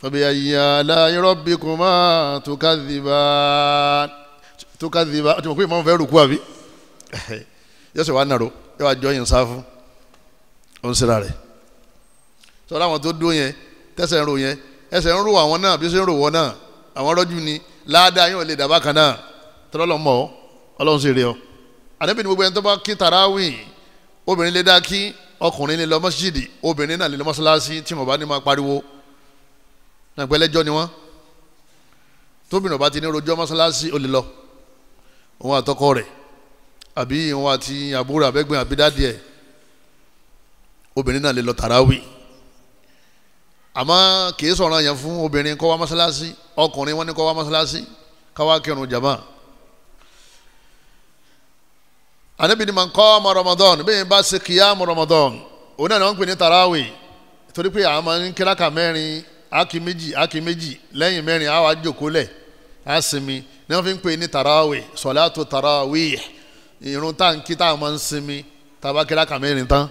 Speaker 1: fàbí ayé aláyé rọ́bì kò má tukadìbà tukadìbà ó ti mọ̀ pé ìmọ̀mù fẹ́ rùkú àbí yóò ṣẹ̀ wá nàró yóò wá jọ yín sáfù ó ń sira sọ láwọn tó dó yẹn tẹsẹ̀ ń ro yẹn ẹsẹ̀ ń ro àwọn náà bí ó ṣe ń ro wọn náà àwọn rọ́jú ni láàdáa yóò lè dàbá kan náà tọ́lọ́lọ́ mọ̀ ọ́ ọlọ́run sì rí ọ. àdébí ni gbogbo ẹni tó bá kí tarawih obìnrin lè dá kí ọkùnrin lè lọ mọ́sídìí obìnrin náà lè lọ mọ́sálásí tí mo bá ní máa pariwo nàgbẹ́lẹ́jọ́ ni wọ́n tóbìnrin ọba ti ní rojọ́ mọ́sálásí ó lè lọ òun àtọkọ rẹ̀ àbí òun àti àbúrò àbẹ́gbẹ́ àbídádìẹ obìnrin náà lè lọ tarawih àmọ́ kì í sọ̀rọ̀ yẹn fún obìnrin kó wá mọ́sálásí ọkùnrin wọn ni kó wá mọ́sálásí káwá kírun jàmá. Ànábì ní man qama Ramadan bẹ́ẹ̀ bá ṣe qiyam Ramadan òun náà ni wọ́n ń pè ní tarawe torí pé àwọn máa ń kíláka mẹ́rin ákì méjì ákì méjì lẹ́yìn mẹ́rin àwa jókòó lẹ̀ á sinmi ni wọ́n fi ń pè ní tarawe sọ̀látò tarawe ìrun táǹkì táwọn máa ń sinmi tàbá kíláka mẹ́rin tán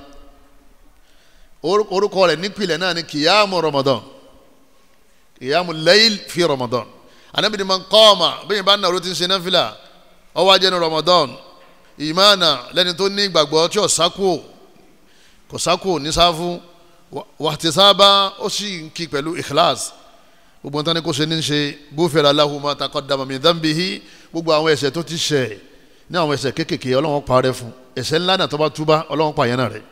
Speaker 1: orúkọ rẹ̀ nípìnlẹ̀ náà ni kìyàmù Ramadan kìyàmù layl fi Ramadan anabini man qama bẹ́ẹ̀ bá nàró ti ń ṣe náfìlà ó wá jẹ́ ní Ramadan ìmáàna lẹ́ni tó ní ìgbàgbọ́ tí ò sákò kò sákò ní sáfù wàtísábà ó sì ń kí pẹ̀lú ikhlas gbogbo nǹkan ni kò ṣe ní ṣe gbófèrè aláhu ma taqaddama min dhanbihi gbogbo àwọn ẹ̀ṣẹ̀ tó ti ṣẹ̀ ní àwọn ẹ̀ṣẹ̀ kéékèèké Ọlọ́run parẹ́ fún ẹ̀ṣẹ̀ ńlá náà tó bá túbá Ọlọ́run pààyàn náà rẹ̀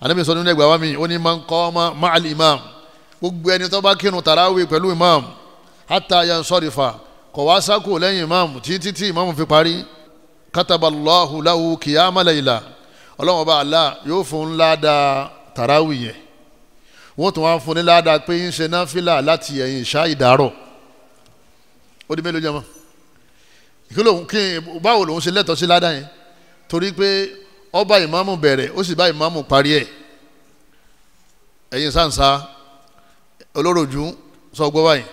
Speaker 1: anabi sọ nínú ẹgbàá wa mi ó ní máa ń kọ́ ọmọ máàlì imam gbogbo ẹni tó bá kírun tàràwì pẹ̀lú imam hata yan sọ́rìfà kọ̀ wá sákò lẹ́yìn imam títí tí imam fi parí kataballahu lahu kiyama layla ọlọ́run ọba Allah yóò fún un ládàá tàràwì yẹn wọ́n tún wá fún un ní ládàá pé ń ṣe náfìlà láti ẹ̀yìn ìṣá ìdárọ̀ ó di mélòó jẹ́ mọ́ ìkílò kí báwo lòun ṣe lẹ́tọ̀ọ́ sí ládàá yẹn torí pé ó bá ìmáàmù bẹ̀rẹ̀ ó sì bá ìmáàmù parí ẹ̀ ẹ̀yin sáǹsá olóròjú sọ gbọ́ báyìí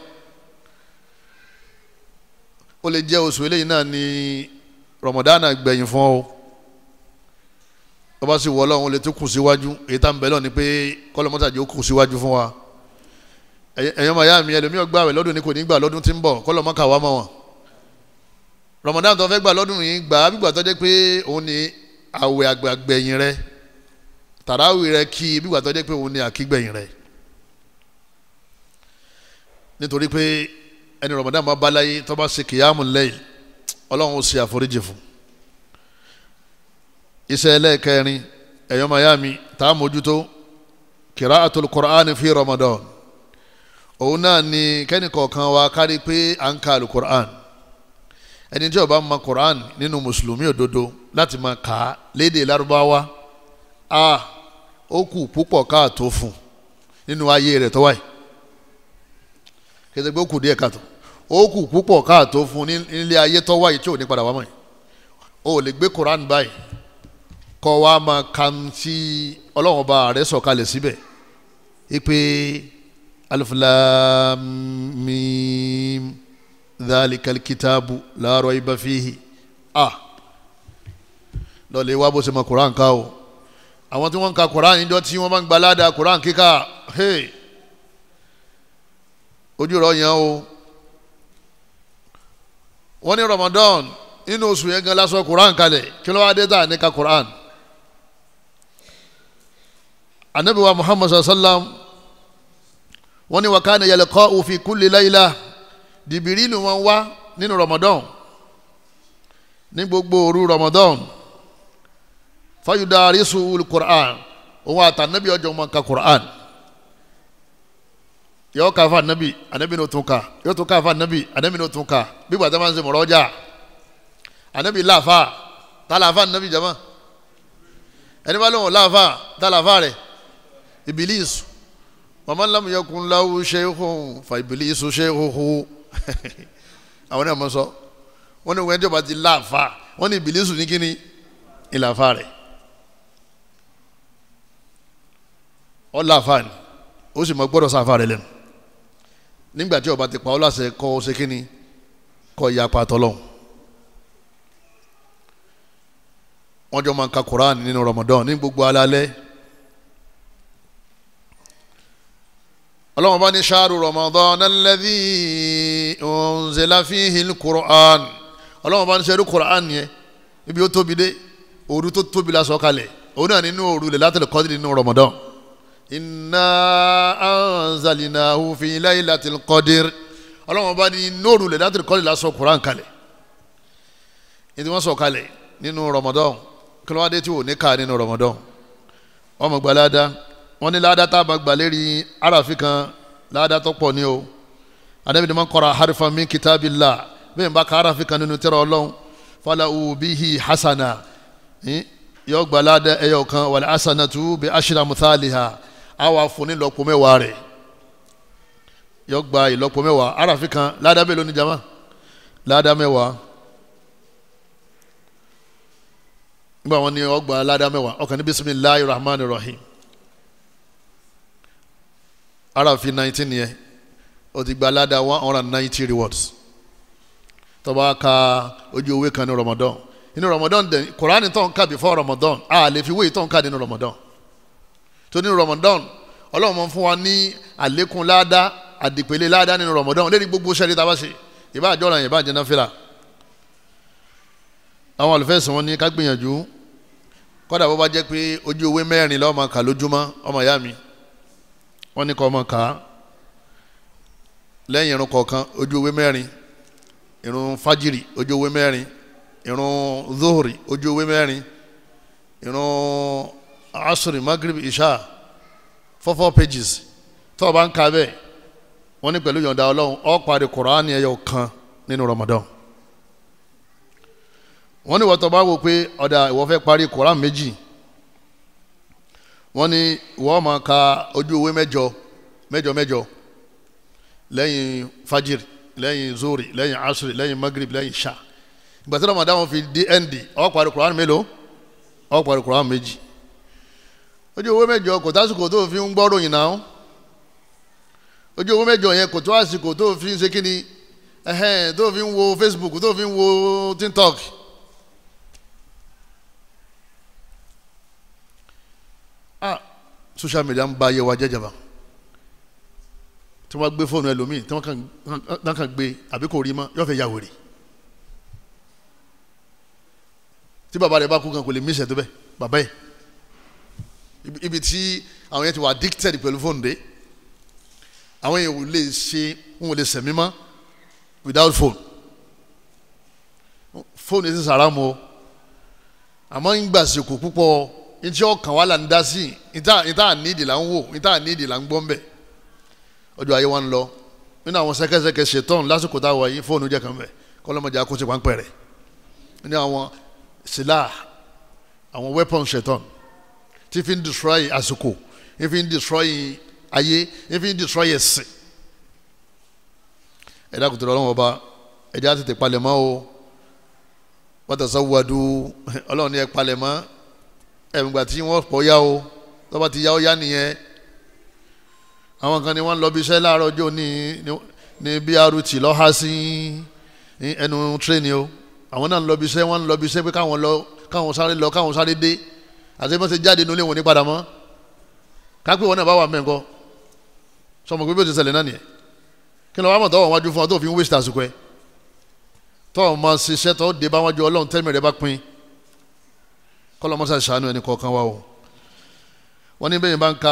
Speaker 1: ó lè jẹ́ oṣù eléyìí náà ni Ramadana gbẹ̀yìn fún ọ bàbá sì wọ ọlọ́run lè tún kù síwájú èyí tá à bẹ̀ lọ ni pé kọ́lọ́mọ́tàjì ó kù síwájú fún wa ẹ̀yọ́ màyá mi ẹlòmíràn gbà wẹ̀ lọ́dún ni kò ní gbà lọ́dún tí ń bọ̀ kọ́lọ́mọ́kà wa mọ̀ wọn Ramadan tó fẹ́ gbà lọ́dún yìí gbà á bí gbà tó jẹ́ pé òun ni Awe àgbàgbẹ̀yìn rẹ tàràwì rẹ kí i bí wàá tọ́jú pé òun ni àkígbẹ̀yìn rẹ nítorí pé ẹni Ramadan bá balaye tó bá ṣe kìyàmù lẹ́yìn ọlọ́run ó ṣe àforíjì fún iṣẹ́ ẹlẹ́ẹ̀kẹrin ẹ̀yọ́ mayami tá a mójútó kiraatul Qur'an fi Ramadan òun náà ni kẹ́nìkọ̀ọ̀kan wa kárí pé à ń ka alukur'an ẹni tí ó bá mọ̀ Quran nínú mùsùlùmí òdodo láti máa kà á lédè lárúbáwá a ó kù púpọ̀ káàtó fún nínú ayé rẹ̀ tó wáyé kẹsẹ̀gbẹ́ ó kù díẹ̀ káàtó ó kù púpọ̀ káàtó fún nílé ayé tó wáyé tí ò ní padà wá mọ́ yìí o ò lè gbé Quran báyìí kọ́ wa máa kan tí ọlọ́run bá rẹ̀ sọ̀kalẹ̀ síbẹ̀ ipe alif dhalika alkitabu la raiba fihi a ah, lọ́ọ̀lẹ́ wá bó ṣe mọ koran ká o àwọn tí wọ́n ń ka koran níjọ́ tí wọ́n bá ń gbalada koran kíkà hey ojú rọ yẹn o wọ́n ní Ramadan nínú oṣù yẹn gan lásán koran kalẹ̀ kí ló wá dé tà ní ka koran anabiwa Muhammad sallam wọ́n ní wakana yalqa'u fi kulli layla dìbìrìlù wọn wá nínú Ramadan ní gbogbo òru Ramadan fayudà arisu quran òun àtànàbí ọjọ́ wọn ka quran yọ ká fa anabi anabi n'o tún ka yọ tún ká fa anabi anabi n'o tún ka bí gbàtà máa ń ṣe mọ̀rọ̀ ọjà anabi láfa tá láfa anabi jama ẹni bá lóun láfa tá láfa rẹ̀ ibilis mama lamu yakun lawu sheikhun fa ibilisu sheikhuhu. àwọn náà mọ sọ wọn ní wọn ẹjọba ti láàfa wọn ní ìbílísù ní kíni ìlàfa rẹ ọ láàfa ni ó sì mọ gbọ́dọ̀ sáfa rẹ lẹ́nu nígbà tí ọba ti pa ọ láṣẹ kọ ọ ṣe kíni kọ ìyá apá tọlọ́hún wọn jọ máa ń ka Quran nínú Ramadan ní gbogbo alálẹ́ ọlọ́run bá ní ṣáàrù ramadan alladhi unzila fihil qur'an ọlọ́run bá ní ṣẹ́rú qur'an yẹn ibi ó tóbi dé òru tó tóbi la sọ kalẹ̀ òun náà nínú òru lè látàlẹ̀ kọ́dìrì nínú ramadan inna anzalnahu fi laylatil qadr ọlọ́run bá ní inú òru lè látàlẹ̀ kọ́dìrì la sọ qur'an kalẹ̀ ní tí sọ kalẹ̀ nínú ramadan kí ló wá dé tí ò ní ká nínú ramadan ọmọ gbalada wọ́n ní ládàá tá a bá gbà lérí aráàfin kan ládàá tó pọ̀ ní o anabi ni man qara harfan min kitabillah bẹ́ẹ̀ bá ka aráàfin kan nínú tírà ọlọ́run falahu bihi hasana yọ gbà ládàá ẹyọ kan wal hasanatu bi ashra muthaliha àwa fún ní lọ́pọ̀ mẹ́wàá rẹ̀ yọ gba ìlọ́po mẹ́wàá aráàfin kan ládàá mélòó ni jama ládàá mẹ́wàá nígbà wọn ni ọgbà ládàá mẹ́wàá ọkàn ní bisimilahi rahman rahim aráàfin nineteen yẹn o ti gba aládàá one hundred and ninety rewards tó bá ka ojú owó kan ní Ramadan inú Ramadan dẹ̀ Kùránì tó ń kà before Ramadan a lè fi wéyìí tó ń kà nínú Ramadan tó nínú Ramadan Ọlọ́run máa ń fún wa ní àlékún ládàá àdìpẹ̀lẹ̀ ládàá nínú Ramadan lérí gbogbo sẹ́rí tá a bá ṣe ìbá àjọra yẹn ìbá àjẹná fìlà àwọn olùfẹ́sìn wọn ní ká gbìyànjú kọ́dà bó bá jẹ́ pé ojú owó mẹ́rin lọ́ọ́ máa kà lójúmọ́ ọmọ ìyá mi wọ́n ní kọ́ ọmọ lẹ́yìn irun kọ̀ọ̀kan ojú ewé mẹ́rin irun fajiri ojú ewé mẹ́rin irun zohori ojú ewé mẹ́rin irun asiri magrib isha four four pages tó o bá ń ka bẹ́ẹ̀ wọ́n ní pẹ̀lú yọ̀ǹda ọlọ́run parí ramadan wọ́n ní wọ́n tó bá wò pé ọ̀dà wọ́n ní wọ́n máa ka ojú ewé mẹ́jọ mẹ́jọ mẹ́jọ lẹ́yìn fajir lẹ́yìn zori lẹ́yìn asiri lẹ́yìn magrib lẹ́yìn sha ìgbà tí ramadan fi dnd ó parí quran mélòó ó parí quran méjì ojú ewé mẹ́jọ kò tásìkò tó fi ń gbọ́ròyìn náà ojú ewé mẹ́jọ yẹn kò tó àsìkò tó fi ń ṣe kíni ẹ̀hẹ́n tó fi ń wo facebook tó fi ń wo tiktok social media ń ba ayé wa jẹ́jàba tí wọ́n gbé fóònù ẹlòmíì tí wọ́n kàn gbé àbí kò rí mọ́ yóò fẹ́ ya wèrè tí bàbá rẹ̀ bá kú kan kò lè mí ìṣẹ̀ tó bẹ́ẹ̀ bàbá yẹn ibi tí àwọn yẹn ti wà addicted pẹ̀lú fóònù dé àwọn yẹn ò lè ṣe wọn ò lè sẹ̀mí mọ́ without phone phone yẹn ti sàrámù o àmọ́ ń gbàsìkò púpọ̀ ntí ọkàn wa là ń dá sí ìta àníìdì là ń wò ìta àníìdì là ń gbọ́ mbẹ́ ọjọ́ ayé wa ń lọ nínú àwọn sẹ́kẹ́sẹ́kẹ́ ṣetán lásìkò tá a wà yìí fóònù jẹ́ kan bẹ̀ kọ́lọ́mọdé akóso pàǹpẹ́ rẹ̀ nínú àwọn sílá àwọn weapons ṣetán tí fi ń destroy àsìkò tí fi ń destroy ayé tí fi ń destroy ẹ̀sìn ẹ̀dá kùtù lọ́wọ́ ọba ẹ̀dá tètè palẹ̀mọ́ o wọ́n tẹ̀sán wọ́ọ́dù ẹ̀mùgbà tí wọ́n pọ̀ yá o tó bá ti yá o yá nìyẹn àwọn kan ni wọ́n lọ bí iṣẹ́ láàárọ̀ ọjọ́ ní ní BRT lọ́ha sí ẹnu tírẹ́nì o àwọn náà ń lọ bí iṣẹ́ wọ́n ń lọ bí iṣẹ́ pé káwọn lọ káwọn sáré lọ káwọn sáré dé àti bọ́n ṣe jáde nílé wọn ní padà mọ́ kápẹ́ wọn náà bá wà mẹ́ńkọ́ sọmọ pé bí o ti ṣẹlẹ̀ náà nìyẹn kí ló wá mọ̀ tọ́wọ́ wájú fún ọ tó fi ń wéṣítà àsìkò ẹ̀ tọ́wọ́ máa ṣiṣẹ́ tọ́ dé bá wájú ọlọ́run tẹ́lẹ̀mẹ̀rẹ́ bá pin kọlọmọsá ṣàánú ẹni kọ̀ọ̀kan wa o wọ́n ní bẹ́ẹ̀ bá ń ka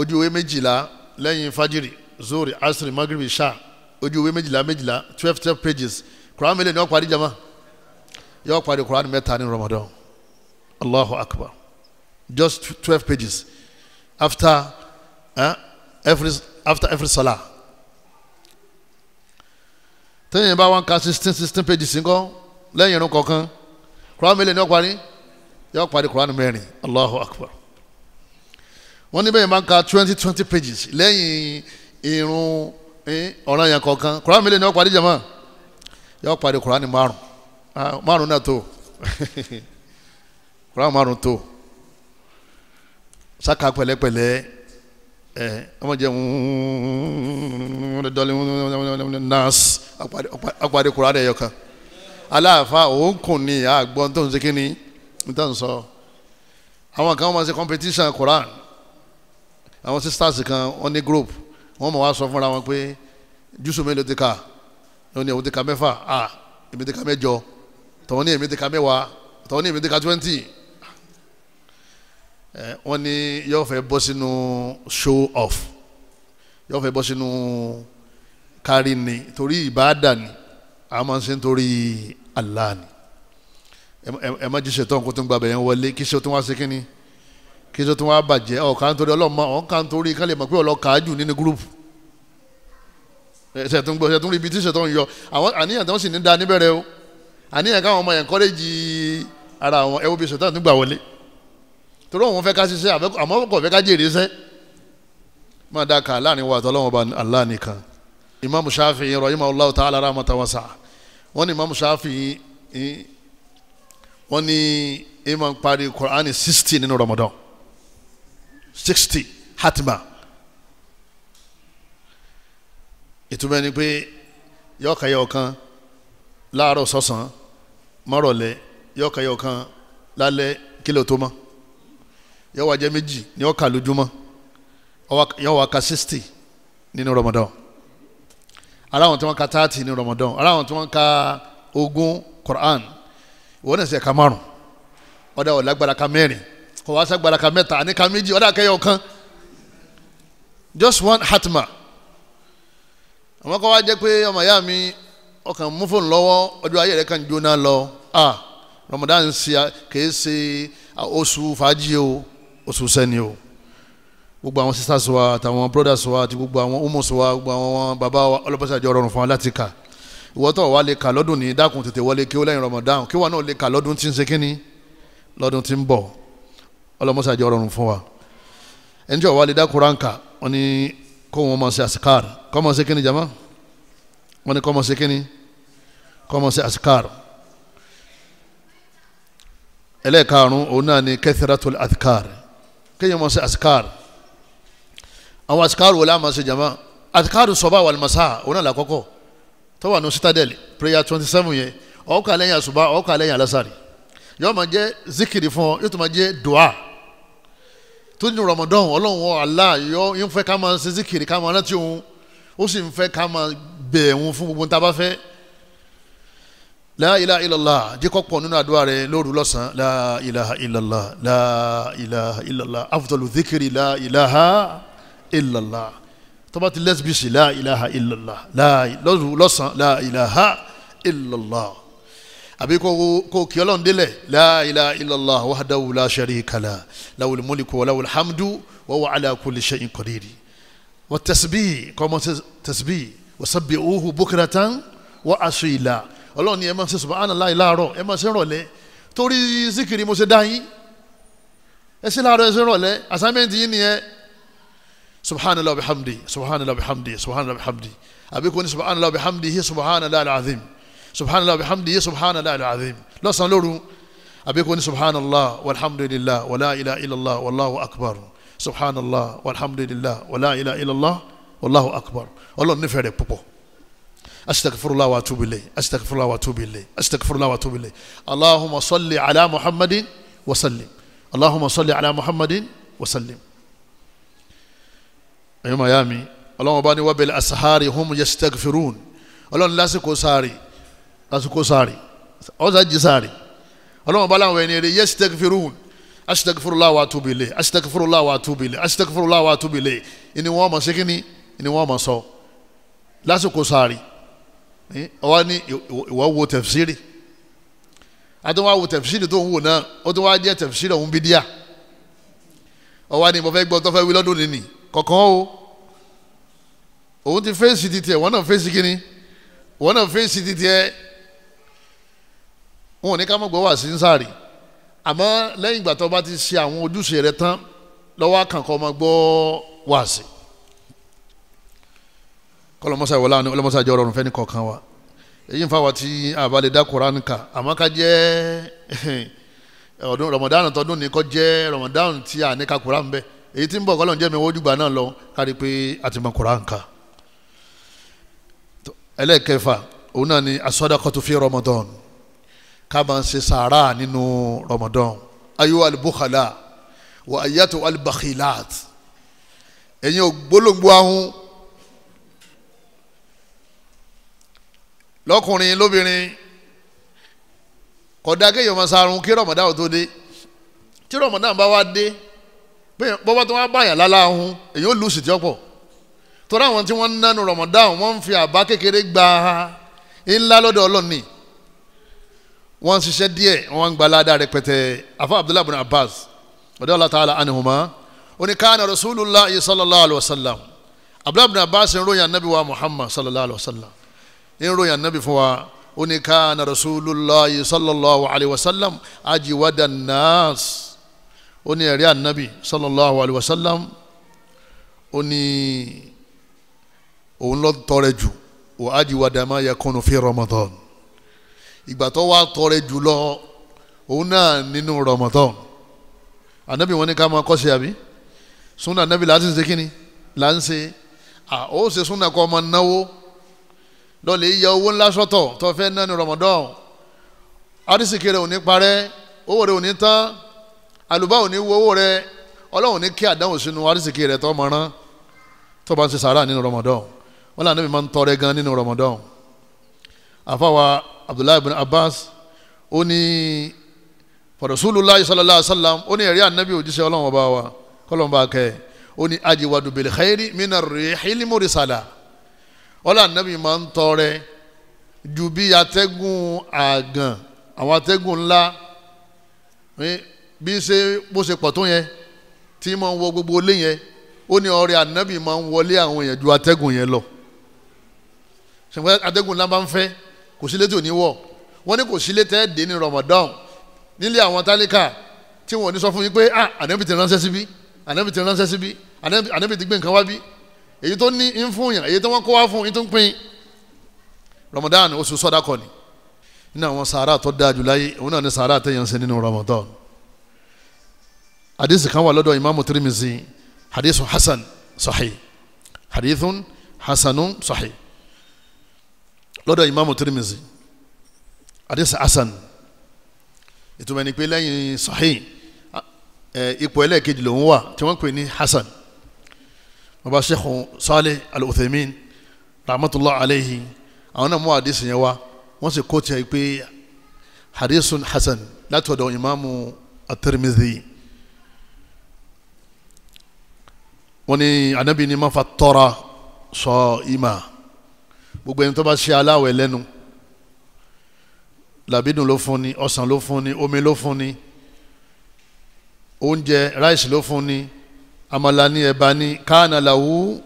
Speaker 1: ojú méjìlá lẹ́yìn fajiri zori asiri magribi sha ojú ìwé méjìlá méjìlá twelve twelve pages kuran mélòó ni wọ́n parí jama yóò parí kuran mẹ́ta ní Ramadan Allahu Akbar just twelve pages after eh, every after every salah tẹ́yìn bá wọn ka sixteen sixteen pages ńkọ́ lẹ́yìn irun kọ̀ọ̀kan kuran mélòó ni wọ́n parí yóò parí Quran mẹ́rin Allahu Akbar wọ́n ní bẹ́ẹ̀ máa ń ka twenty twenty pages lẹ́yìn irun eh, ọ̀ràn yẹn kọ̀ọ̀kan Quran mélòó ni yóò parí jama yóò parí Quran márùn ah, márùn náà tó Quran márùn tó saka pẹ̀lẹ́pẹ̀lẹ́ ẹ eh, ọmọ jẹ nurse ọparí Quran ẹyọ kan aláàfáà òun kùn ní àgbọn tó ń ṣe ni níta ń sọ àwọn kan máa ṣe competition Quran àwọn sisters kan wọ́n ní group wọ́n máa wá sọ fúnra wọn pé jùsù mélòó ti kà wọ́n ní òun ti kà mẹ́fà à èmi ti kà mẹ́jọ tọ́wọ́n ní èmi ti kà mẹ́wàá tọ́wọ́n ní èmi ti kà twenty wọ́n ní yóò fẹ́ bọ́ sínú show off yóò fẹ́ bọ́ sínú kárí ni torí ìbáàdà ni àmọ́ ṣe ń torí Allah ni ẹ má jíṣẹ́ tán kó tó ń gbàgbẹ́ yẹn wọlé kí ṣe tó wá sí kínní kí ṣe tó wá bàjẹ́ ọ̀kan torí ọlọ́mọ ọ̀kan torí ká lè mọ̀ pé ọlọ́ka jù nínú gúrúùpù ṣe tó ń gbọ́ ṣe tó ń rí ibi tí ṣe tó ń yọ àwọn àníyàn tó ń sì ní da níbẹ̀rẹ̀ o àníyàn káwọn ọmọ yẹn kọ́lẹ́jì ara àwọn ẹwọ́ bíi ṣètàn nígbà wọlé torí òun fẹ́ ká ṣiṣẹ́ àmọ́ kò fẹ́ ká Allah ta'ala rahmatan wasi'a wọ́n Imam Shafi'i wọ́n ní imam parí Quran sixty nínú Ramadan sixty hatima ìtumọ̀ ni pé yọ̀ọ̀kayọ̀ kan láàárọ̀ sọ̀sán mọ́rọ̀lẹ́ yọ̀ọ̀kayọ̀ kan lálẹ́ kílò tó mọ́ yọ̀ọ̀ wájẹ́ méjì ni ó kà lójúmọ́ yọ̀ọ̀ wá sixty nínú Ramadan aláwọn tí wọ́n ka thirty nínú Ramadan aláwọn tí wọ́n ka ogún Quran wọn ẹsẹ̀ ka márùn ọ̀dà ọ̀la gbára ka mẹ́rin kò wá sá gbára ka méjì ọ̀dà kẹyọ kan just one hatma àwọn kan wá jẹ́ pé ọmọ ìyá mi ọkàn mú fóònù lọ́wọ́ ọjọ́ ayé rẹ̀ kàn jóná lọ a Ramadan ṣe kìí ṣe oṣù fàájì o oṣù sẹ́ni o gbogbo àwọn sisters wa àtàwọn brothers wa àti gbogbo àwọn umus wa gbogbo àwọn bàbá wa ọlọ́pàá ṣàjọ rọrùn fún wa láti kà ìwọ tó wà lè kà lọ́dún ní dákun tètè wọlé kí ó lẹ́yìn Ramadan kí wọn náà lè kà lọ́dún tí ń ṣe kínní lọ́dún tí ń bọ̀ ọlọ́mọṣáájú ọrọ̀run fún wa ẹni tí ó wà lè dákun ránkà wọn ni kó wọn máa ṣe àṣìkàr kó máa ṣe kínní jama wọn ni kó máa ṣe kínní kó máa ṣe àṣìkàr ẹlẹ́ẹ̀karùn-ún òun náà ni kathratul adhkar kéèyàn máa ṣe àṣìkàr àwọn àṣìkàr wo la máa jama àṣìkàr sọba wal masa òun náà tó wà ní citadel prayer twenty seven yẹn ó kà lẹ́yìn àṣùbà ó kà lẹ́yìn alásàrì yóò máa jẹ́ zikiri fún ọ yóò tún máa jẹ́ dua tó ní Ramadan ọlọ́run ọ Allah yóò ń fẹ́ ká máa ṣe zikiri ká máa rántí òun ó sì ń fẹ́ ká máa bẹ̀ òun fún gbogbo tá bá fẹ́ la ilaha illallah jẹ́kọ̀ pọ̀ nínú àdúrà rẹ lóru lọ́sàn-án la ilaha illallah la ilaha illallah afdalu zikiri la ilaha illallah tọ́ba ti lẹ́sibísì la ilaha illallah lọ́sàn la ilaha illallah àbí kò kí ọlọ́run délẹ̀ la ilaha illallah wahdahu la sharika lah lahul mulku wa lahul hamdu wa huwa ala kulli shay'in qadir wa tasbih kọ́mọ tasbih wa sabbihuhu bukratan wa asila ọlọ́run ni ẹ máa ṣe subhanallahi láàárọ̀ ẹ máa ṣe rọ̀lẹ́ torí zikiri mo ṣe dá yín ẹ ṣe láàárọ̀ ẹ ṣe rọ̀lẹ́ assignment yín nìyẹn subhanallah wa bihamdi subhanallah wa bihamdi subhanallah wa bihamdi àbí kò ní subhanallah wa bihamdihi subhanallah al-azim subhanallah wa bihamdihi subhanallah al-azim lọ́sàn-án lóru àbí kò ní subhanallah walhamdulillah wala ilaha illallah wallahu akbar subhanallah walhamdulillah wala ilaha illallah wallahu akbar ọlọ́run nífẹ̀ẹ́ rẹ̀ púpọ̀ astagfirullah wa atubu ilayhi astagfirullah wa atubu ilayhi astagfirullah wa atubu ilayhi allahumma salli ala muhammadin wa sallim allahumma salli ala muhammadin wa sallim ẹ̀yọ́ màyá mi ọlọ́run bá ní wabil asahari hum yastaghfirun ọlọ́run lásìkò sáré lásìkò sáré ọ̀sà jí sáré ọlọ́run bá láwọn ẹni eré yastaghfirun astaghfirullah wa atubu ilayh astaghfirullah wa atubu ilayh astaghfirullah wa atubu ilayh ìní wọn mọ̀ síkíní ìní wọn mọ̀ sọ lásìkò sáré ọwọ́ ní ìwọ wo tẹ̀fsíìrì àtúnwá wo tẹ̀fsíìrì tó ń wò náà ó tún wá jẹ́ tẹ̀fsíìrì ọ̀hún bídíà ọwọ́ ní mo fẹ́ gbọ́ tó fẹ́ wí lọ́dún nìní kọ̀ọ̀kan o òun ti fèsì ti tiẹ̀ wọ́n náà fèsì kínní wọ́n náà fèsì ti tiẹ̀ wọn ò ní ká mọ̀ gbọ́ wà sí ń sáré àmọ́ lẹ́yìn ìgbà tó bá ti ṣe àwọn ojúṣe rẹ tán lọ́wọ́ àkànkọ́ ọmọ gbọ́ wà sí kọlọmọsá ìwọlá ni ọlọmọsá jẹ́ ọrọ̀rùn fẹ́ni kọ̀ọ̀kan wa èyí ń fa wa ti àbálẹ̀ dá koran kà àmọ́ ká jẹ́ ọdún rọmọdánù tọdún ní kọ́ jẹ́ rọmọdánù tí a koran bẹ́ẹ̀ èyí tí ń bọ̀ kọ́lọ̀ jẹ́ mi wọ́n ojúgbà náà lọ kárí pé a koran kà ẹlẹ́ẹ̀kẹfà òun náà ni asọ́dakọ́tù fi Ramadan ká máa ṣe sàárà nínú Ramadan ayo alibukhala wa ayato alibakhilat ẹ̀yin ògbólógbó ahun lọ́kùnrin lóbìnrin kódà kéèyàn máa sarun kí Ramadan tó dé tí Ramadan bá wá dé bọ́bá tó wá báyàn lálá ahun èyí ó lù tí ó pọ̀ torí àwọn tí wọ́n ń nánu Ramadan wọ́n ń fi àbá kékeré gba ńlá lọ́dọ̀ ọlọ́ni wọ́n ń ṣiṣẹ́ díẹ̀ wọ́n ń gba ládà rẹpẹtẹ afa Abdullah bin Abbas ọ̀dọ́ Allah ta'ala anihuma oníkànnà rasulullah sallallahu alayhi wa sallam Abdullah bin Abbas ń ròyìn anabi wa Muhammad sallallahu alayhi wa sallam ń ròyìn anabi fún wa oníkànnà rasulullah sallallahu alayhi wa sallam ajiwada nas oní ẹ̀rí anabi sallallahu alayhi wa sallam oní òun lọ tọrẹ jù wò á di wàdàmà yẹ kọ́nu fi Ramadan ìgbà tó wà tọrẹ jù lọ òun náà nínú Ramadan anabi wọn ni ká máa kọ́sẹ̀ àbí sunna anabi láti ṣe kíni là ń ṣe à ó ṣe sunna kọ́ ọmọ náwó lọ́ọ̀lì yẹ owó ńlá sọ́tọ̀ tó fẹ́ náà ní Ramadan arísìkì rẹ ò ní parẹ́ owó rẹ ò ní tán àlùbá ò ní wo owó rẹ ọlọ́run ní kí àdáhùn sínú arísìkì rẹ tó mọ̀ràn tó bá ń ṣe sàárà nínú Ramadan wọn lànà mi máa ń tọrẹ gan nínú Ramadan àfàwà Abdullahi bin Abbas ó ní Rasulullah sallallahu alaihi wasallam ó ní ẹ̀rí ànábì òjíṣẹ́ ọlọ́run ọba wa kọ́lọ́n bá kẹ́ ẹ̀ ó ní ajiwadu bil khairi mina rihili murisala wọn lànà ànábì máa ń tọrẹ ju bí atẹ́gùn àgàn àwọn atẹ́gùn ńlá bí ṣe bó ṣe pọ̀ tó yẹn tí máa ń wọ gbogbo ilé yẹn ó ní ọrẹ ànábì máa ń wọlé àwọn èèyàn ju atẹ́gùn yẹn lọ sẹ̀fọ́ adégúnlá bá ń fẹ́ kò sílé tí ò ní wọ̀ wọ́n ní kò sílé tẹ́ dé ní Ramadan nílé àwọn tálíkà tí wọ́n ní sọ fún yín pé ah ànábì ti ránṣẹ́ síbí ànábì ti ránṣẹ́ síbí ànábì ti gbé nǹkan wá bí èyí tó ní ń fún yàn èyí tó wọ́n kó wá fún yín tó ń pín Ramadan oṣù sọ́dá kọ́ ni nínú àwọn sàárà tó dáa jù láyé òun náà ní sàárà tẹ̀yàn ṣe nínú Ramadan hadisi kan wà lọ́dọ̀ imaamu Tirmizi hadisi hasan sahih hadithun hasanun Sahi lọ́dọ̀ imaamu tirimizi adisa hasan ìtumọ̀ ni pé lẹ́yìn sahih ipò ẹlẹ́ẹ̀kejì lòun wà tí wọ́n pè ní hasan baba sheikh saleh al-uthaymin rahmatulah alayhi àwọn náà mú hadisi yẹn wá wọ́n sì kó tiẹ̀ pé hadisun hasan láti ọ̀dọ̀ imaamu at wọ́n ní anabi ni ma fa tọ́ra sọ ìmáa gbogbo ẹni tó bá ṣe aláwẹ̀ lẹ́nu làbídùn ló fún ni ọsàn ló fún ni omi ló fún ni oúnjẹ ráìsì ló fún ni àmàlà ẹ̀bà ni káànà làwù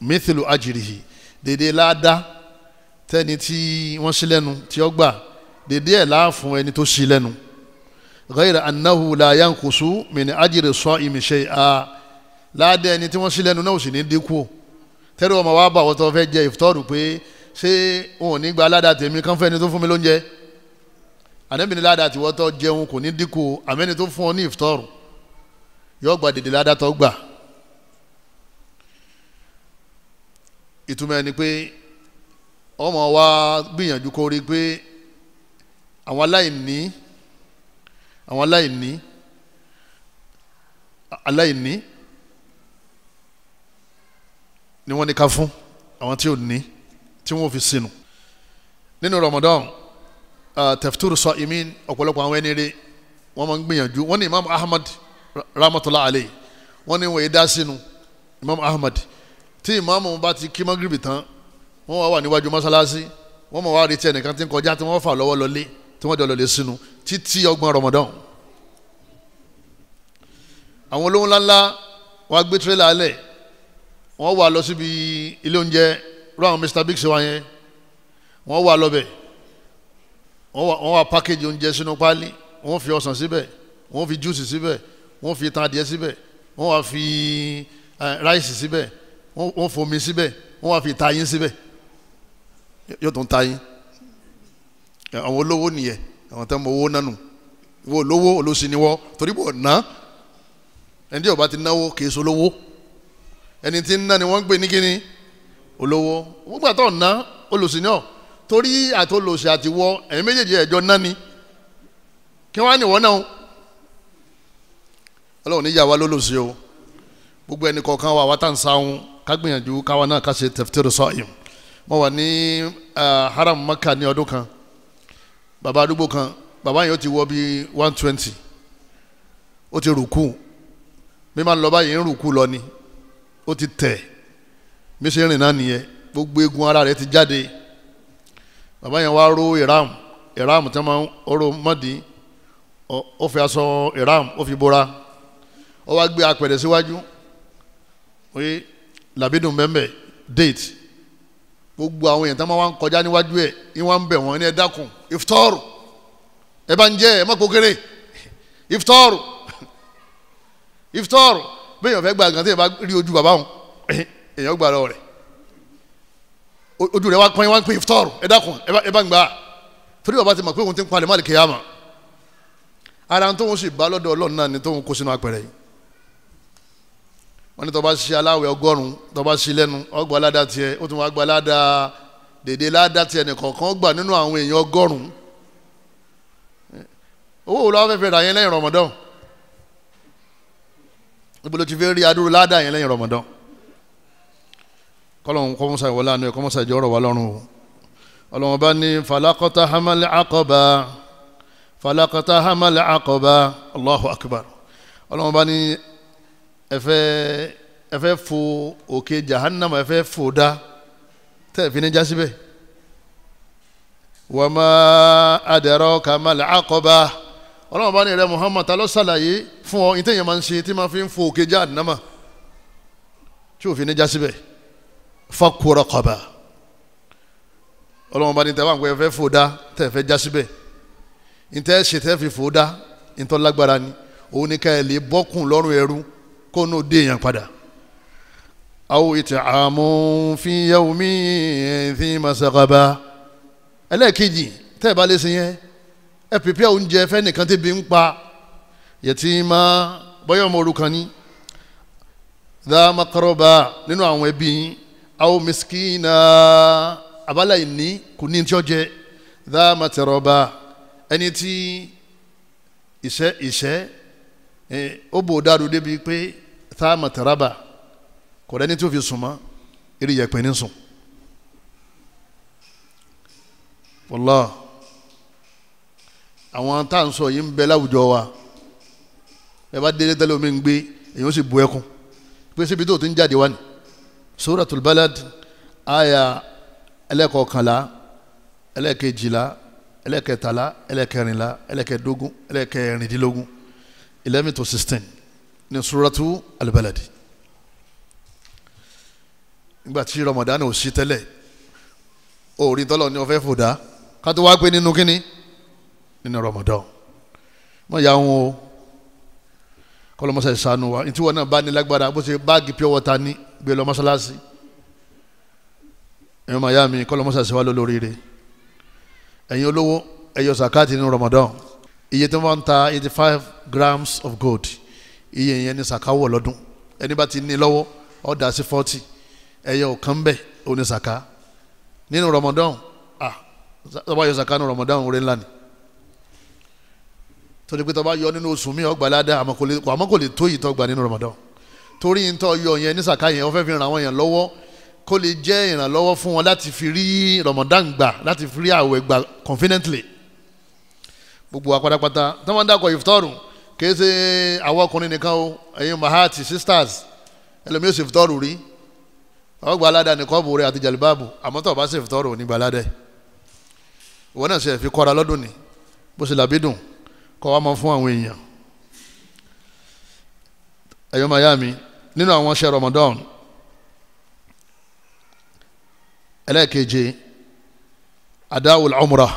Speaker 1: mithlu ajirihi dèdè láàdá tẹ́ni tí wọ́n ṣí lẹ́nu tí ó gbà dèdè ẹ̀ láàfún ẹni tó ṣí lẹ́nu ghayra annahu la yankusu min ajiri sọ ìmìṣẹ́ a láàdá ẹni tí wọ́n ṣí lẹ́nu náà ò sì ní dínkù o tẹ́rù ọmọ wa bá àwọn tó fẹ́ jẹ ìfọ́rù pé ṣé òun ò ní gba aládàá tèmi kán fẹ́ni tó fún mi lóúnjẹ ànẹ́bìnrin ládàá tí wọ́n tọ́ jẹun kò ní dínkù àmẹ́ni tó fún ọ ní ìfọ́rù yóò gba dèdè ládàá tó gbà ìtumọ̀ ẹni pé ọmọ wa gbìyànjú kó rí pé àwọn aláìní àwọn aláìní aláìní ni wọ́n ní ká fún àwọn tí ò ní tí wọ́n fi sínú nínú Ramadan taftur saimin ọ̀pọ̀lọpọ̀ àwọn ẹni rẹ wọ́n máa ń gbìyànjú wọ́n ní Imam Ahmad rahmatulah alayhi wọ́n ní wọ́n yé dá sínú Imam Ahmad tí ìmáàmù bá ti kí mọ́gìrìbì tán wọ́n wá wà níwájú mọ́sálásí wọ́n mọ̀ wá retí ẹnìkan tí ń kọjá tí wọ́n fà lọ́wọ́ lọlé tí wọ́n jọ lọlé sínú títí ọgbọ̀n Ramadan àwọn olówó ńláńlá wàá gbé tirẹ́là alẹ́ wọ́n wà lọ síbi ilé oúnjẹ rú àwọn Mr Biggs wa yẹn wọ́n wà lọ́bẹ̀ wọ́n wà package oúnjẹ sínú páálí wọ́n fi ọsàn síbẹ̀ wọ́n fi juice síbẹ̀ wọ́n fi tan adìẹ síbẹ̀ wọ́n wà fi ráìsì síbẹ̀ wọ́n fomi síbẹ̀ wọ́n wà fi tayin síbẹ̀ yóò tún tayin àwọn olówó nìyẹn àwọn tẹ́ mọ owó nánu ìwọ olówó olóṣìníwọ́ torí bò ná ẹni tí ó bá ti náwó kì í so lówó ẹni tí ń ná ni wọ́n ń pè ní kíni olówó wọ́n gbà tó ń ná olùsìn náà torí àtolòsì àtiwọ ẹ̀yin méjèèjì ẹ̀jọ́ ná ni kí wọ́n á nìwọ́ náà ọlọ́run níyà wa lólùsí o gbogbo ẹni kọ̀ọ̀kan wa wa tá à ń ká gbìyànjú káwa náà ká ṣe tafsiru sa'im mo wà ní haram maka ní ọdún kan bàbá àdúgbò kan bàbá yẹn ó ti wọ bíi one twenty ó ti rùkú mi máa ń lọ báyìí ń rùkú lọ ni ó ti tẹ̀ bí ṣe rìn náà nìyẹn gbogbo egwu ara rẹ ti jáde bàbá yẹn wá ró ìram ìram tí wọ́n máa ń ró ó fi aṣọ iram ó fi bora ó wá gbé apẹ̀rẹ̀ síwájú oye làbídùn bẹ́ẹ̀ date gbogbo àwọn èèyàn tí wọ́n máa ń kọjá níwájú ẹ̀ ni wọ́n ń bẹ̀ wọ́n ní ẹ dákun ìfitọ́rù bá ń jẹ́ ìfitọ́rù béèyàn fẹ́ gba nǹkan tí èèyàn bá rí ojú bàbá òun eh. èèyàn gba lọ rẹ̀ ojú rẹ̀ wá pín wá pín ìfitọ́rù ẹ dákun ẹ bá ń gbà torí bàbá ti mọ̀ pé òun ti ń palẹ̀ máàlì kìyàmà ara tó ń sì bá lọ́dọ̀ ọlọ́run náà ni tó ń kó sínú apẹ̀rẹ̀ yìí wọ́n ní tó ṣe aláwẹ̀ ọgọ́rùn-ún ṣe lẹ́nu ọgbà aládàá tiẹ̀ ó tún wá gba aládàá dèdè aládàá tiẹ̀ nìkọ̀ọ̀kan gbà nínú àwọn èèyàn ọgọ́rùn eh. owó wo la wá fẹ́ fẹ́ rà yẹn lẹ́yìn rọmọdán níbo ló ti fi rí adúrú ládàá yẹn lẹ́yìn rọmọdán kọlọ́hún kọ́mọ́sá ìwọlá ni kọ́mọ́sá ìjọ ọ̀rọ̀ wa lọ́rùn o ọlọ́run bá ní falakọ́tà hamali akọba falakọ́tà hamali akọba allahu akbar ọlọ́run bá ní ẹ̀fẹ́ ẹ̀fẹ́ fo òkè jahannama ẹ̀fẹ́ fo dá tẹ́ẹ̀fin ní jásíbẹ̀ wàmà adẹ̀rọ̀ kamali akọba ọlọ́run bá ní rẹ Muhammad ta ló ṣàlàyé fún ọ ìtẹ̀yẹ̀ máa ń ṣe tí máa fi ń fo òkè já àdínámà tí òfin ní já síbẹ̀ fakku raqaba ọlọ́run bá ní tẹ́ wà ń pẹ́ fẹ́ fò dá tẹ́ fẹ́ já síbẹ̀ ìtẹ́ ṣe tẹ́ fi fò dá ìtọ́ lágbára ni òun ní ká ẹ lè bọ́kùn lọ́rùn ẹrú kó nù dé èèyàn padà. aw it'amun fi yawmin dhi ẹlẹ́ẹ̀kejì tẹ́ ẹ bá lè ṣe yẹn ẹ pèpè oúnjẹ fẹ́nìkan tẹ́bi ń pa yẹtí máa bọ́yọ̀ ọmọ òrukàn ni dá makarọba nínú àwọn ẹbí yín àwọn abala ìní kò ní tí ó jẹ dá matẹrọba ẹni tí ìṣẹ́ ìṣẹ́ ó bò dáadó débi pé tá matẹrọba kò rẹ́ni tí ó fi sùn mọ́ eré yẹpẹ̀ ní sùn. wàlláhi àwọn tá à ń sọ yìí ń bẹ láwùjọ wa ẹ bá délé tẹ́lẹ̀ omi ń gbé èyàn sì bu ẹkún pé síbi tó ti ń jáde wá ni suratul balad aya ẹlẹ́kọ̀ọ́kànlá ẹlẹ́kẹ̀jìlá ẹlẹ́kẹtàlá ẹlẹ́kẹrìnlá ẹlẹ́kẹdógún ẹlẹ́kẹrìndínlógún eleven to sixteen ní suratu albaladi nígbà tí ramadan ò sí tẹ́lẹ̀ orí tọ́lọ̀ ni ó fẹ́ fòdà ká tó wá pé nínú kínní nínú Ramadan mọ̀ ya wọn o kọlọmọsá ìsànù wa ntí wọn náà bá ní lágbára bó ṣe báàgì pure water ní gbé lọ mọ́ṣáláṣí ẹ̀yin màá yá mi kọlọmọsá ìsànù wa ló lóríire ẹ̀yin olówó ẹ̀yọ sàkáàtì nínú Ramadan iye tí wọ́n ń ta eighty five grams of gold iye yẹn ní sàkáwọ̀ lọ́dún ẹni bá ti ní lọ́wọ́ ó dá sí forty ẹ̀yọ kan bẹ̀ onísàká nínú Ramadan ah sọ́wọ́ ẹ̀yọ sàká nínú Ramadan oore ńlá ni torí pé tó bá yọ nínú oṣù mi ọgbà ládàá àmọ́ kò lè tó yìí tó gbà nínú Ramadan torí ń tọ́ yọ yẹn ní sàká yẹn wọ́n fẹ́ fi ràn wọ́n yẹn lọ́wọ́ kó lè jẹ́ ìrànlọ́wọ́ fún wọn láti fi rí Ramadan gbà láti fi rí àwẹ̀ gbà confidently gbogbo wa pátápátá tí wọ́n ń dàkọ̀ ìfitọ́rù kìí ṣe àwọn ọkùnrin nìkan o ẹ̀yin mahati sisters ẹlòmíì ṣe ìfitọ́rù rí ó gba aládàá ní kọ́ọ̀bù rẹ̀ àti jàlíbáàbù àmọ́ tó o bá ṣe ìfitọ́rù ní gba ìwọ náà ṣe fi lọ́dún ni bó ṣe làbí dùn kọ́ wa máa fún àwọn èèyàn ẹ̀yọ́ màyá mi nínú àwọn ṣe Ramadan ẹlẹ́ẹ̀keje adáwòl umrah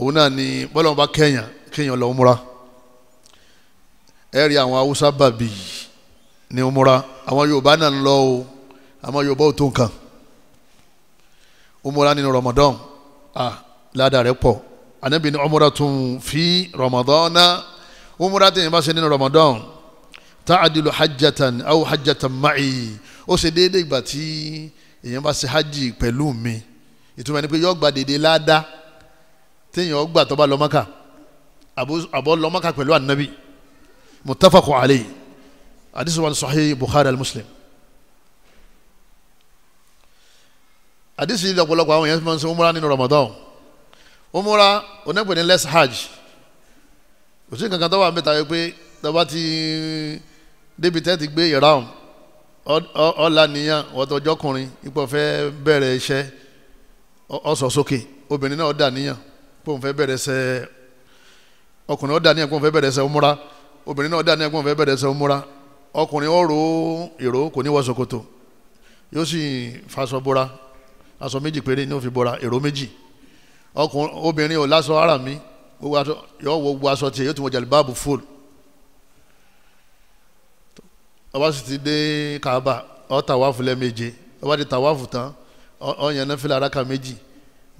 Speaker 1: òun náà ni bọ́lá bá kẹ́yàn kẹ́yàn lọ umrah ẹ̀rí àwọn haúsá bàbí ní umrah àwọn yorùbá náà ń lọ o àwọn yorùbá ò tó nǹkan umrah nínú Ramadan ah ládàá rẹ̀ pọ̀ anabi ni umratun fi ramadana umra tẹ̀yìn bá ṣe nínú ramadan ta'adilu hajjatan aw hajjatan ma'i ó ṣe déédéé ìgbà tí èèyàn bá ṣe hajj pẹ̀lú mi ìtumọ̀ ni pé yọ gba déédéé láàdá téèyàn ó gbà tó bá lọ Mákà àbọ̀ lọ anabi muttafaqu alayhi hadithu wọn sahih bukhari al-muslim. hadithu yìí lọ́pọ̀lọpọ̀ àwọn èèyàn máa ń ṣe umra nínú ramadan umura onípe ní less hajj kò sí kankan tó wà mẹ́ta yẹ pé tọba ti débi tẹ́ ti gbé ìràwọ̀n ọ̀la nìyàn ọ̀tọ̀jọ́kùnrin ipò fẹ́ bẹ̀rẹ̀ iṣẹ́ ọ̀sọ̀ sókè obìnrin náà dà níyàn pé òun fẹ́ bẹ̀rẹ̀ sẹ́ ọkùnrin náà dà níyàn pé òun fẹ́ bẹ̀rẹ̀ sẹ́ umura obìnrin náà dà níyàn pé òun fẹ́ bẹ̀rẹ̀ sẹ́ umura ọkùnrin ọ̀rọ̀ ìró kò ní wọ yóò sì faṣọ bora aṣọ méjì péré ni ó fi bora ìró méjì ọkùnrin obìnrin ò lásọ ara mi gbogbo aṣọ yọ wọ gbogbo aṣọ tiẹ̀ yóò tún wọ jàlibáàbù fóònù ọba sì ti dé kaaba ó tàwáfù lẹ́ẹ̀méje ọba ti tàwáfù tán ó yàn nàfílà rákà méjì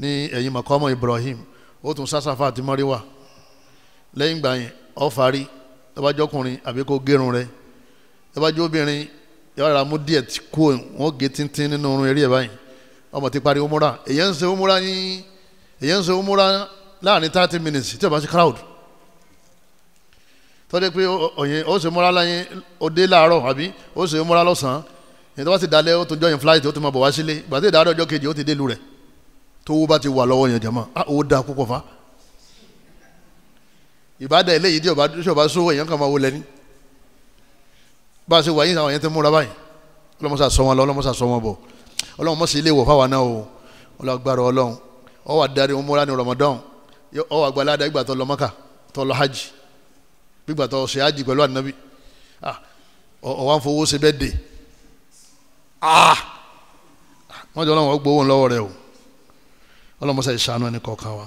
Speaker 1: ní ẹ̀yìn mọ̀kọ́mọ̀ Ibrahim ó tún sásáfà àti mọ́ríwà lẹ́yìn gbà yẹn ó fárí ọba jọkùnrin àbí kó gérun rẹ̀ ọba jọ obìnrin yọrọ ra mú díẹ̀ tí kú wọn gé tíntín nínú orun eré ẹ̀ báyìí ọmọ ti parí umura èyí ń ṣe umura yín. Ni èyí ń ṣe umura láàrin thirty minutes tí o bá ṣe crowd tọ́jú pé òyìn ó ṣe umura láyìn òde láàárọ̀ àbí ó ṣe umura lọ́sàn-án èyí tó bá ti dalẹ̀ ó tó jọyìn flight ó tó máa bọ̀ wá sílé ìgbà tí ìdájọ́ ọjọ́ kejì ó ti délu rẹ̀ tó wó bá ti wà lọ́wọ́ yẹn jẹ̀mọ́ a ó da púpọ̀ fa ìbádà eléyìí tí o bá tí o bá sówó èèyàn kan máa wọlé ní bá a ṣe wà yín àwọn yẹn ti múra báyìí ọlọ́mọṣà ọ wà darí umura ní Ramadan ọ wà gbalada ìgbà tó lọ Maka tó lọ hajj gbígbà tó ṣe hajj pẹ̀lú ànábì ọ ah, wà ń fowó ṣe bẹ́ẹ̀ dé ah! wọ́n jọ lọ́wọ́ gbowó lọ́wọ́ rẹ o ọlọ́mọṣẹ́ ìṣàánú ẹni kọ̀ọ̀kan wa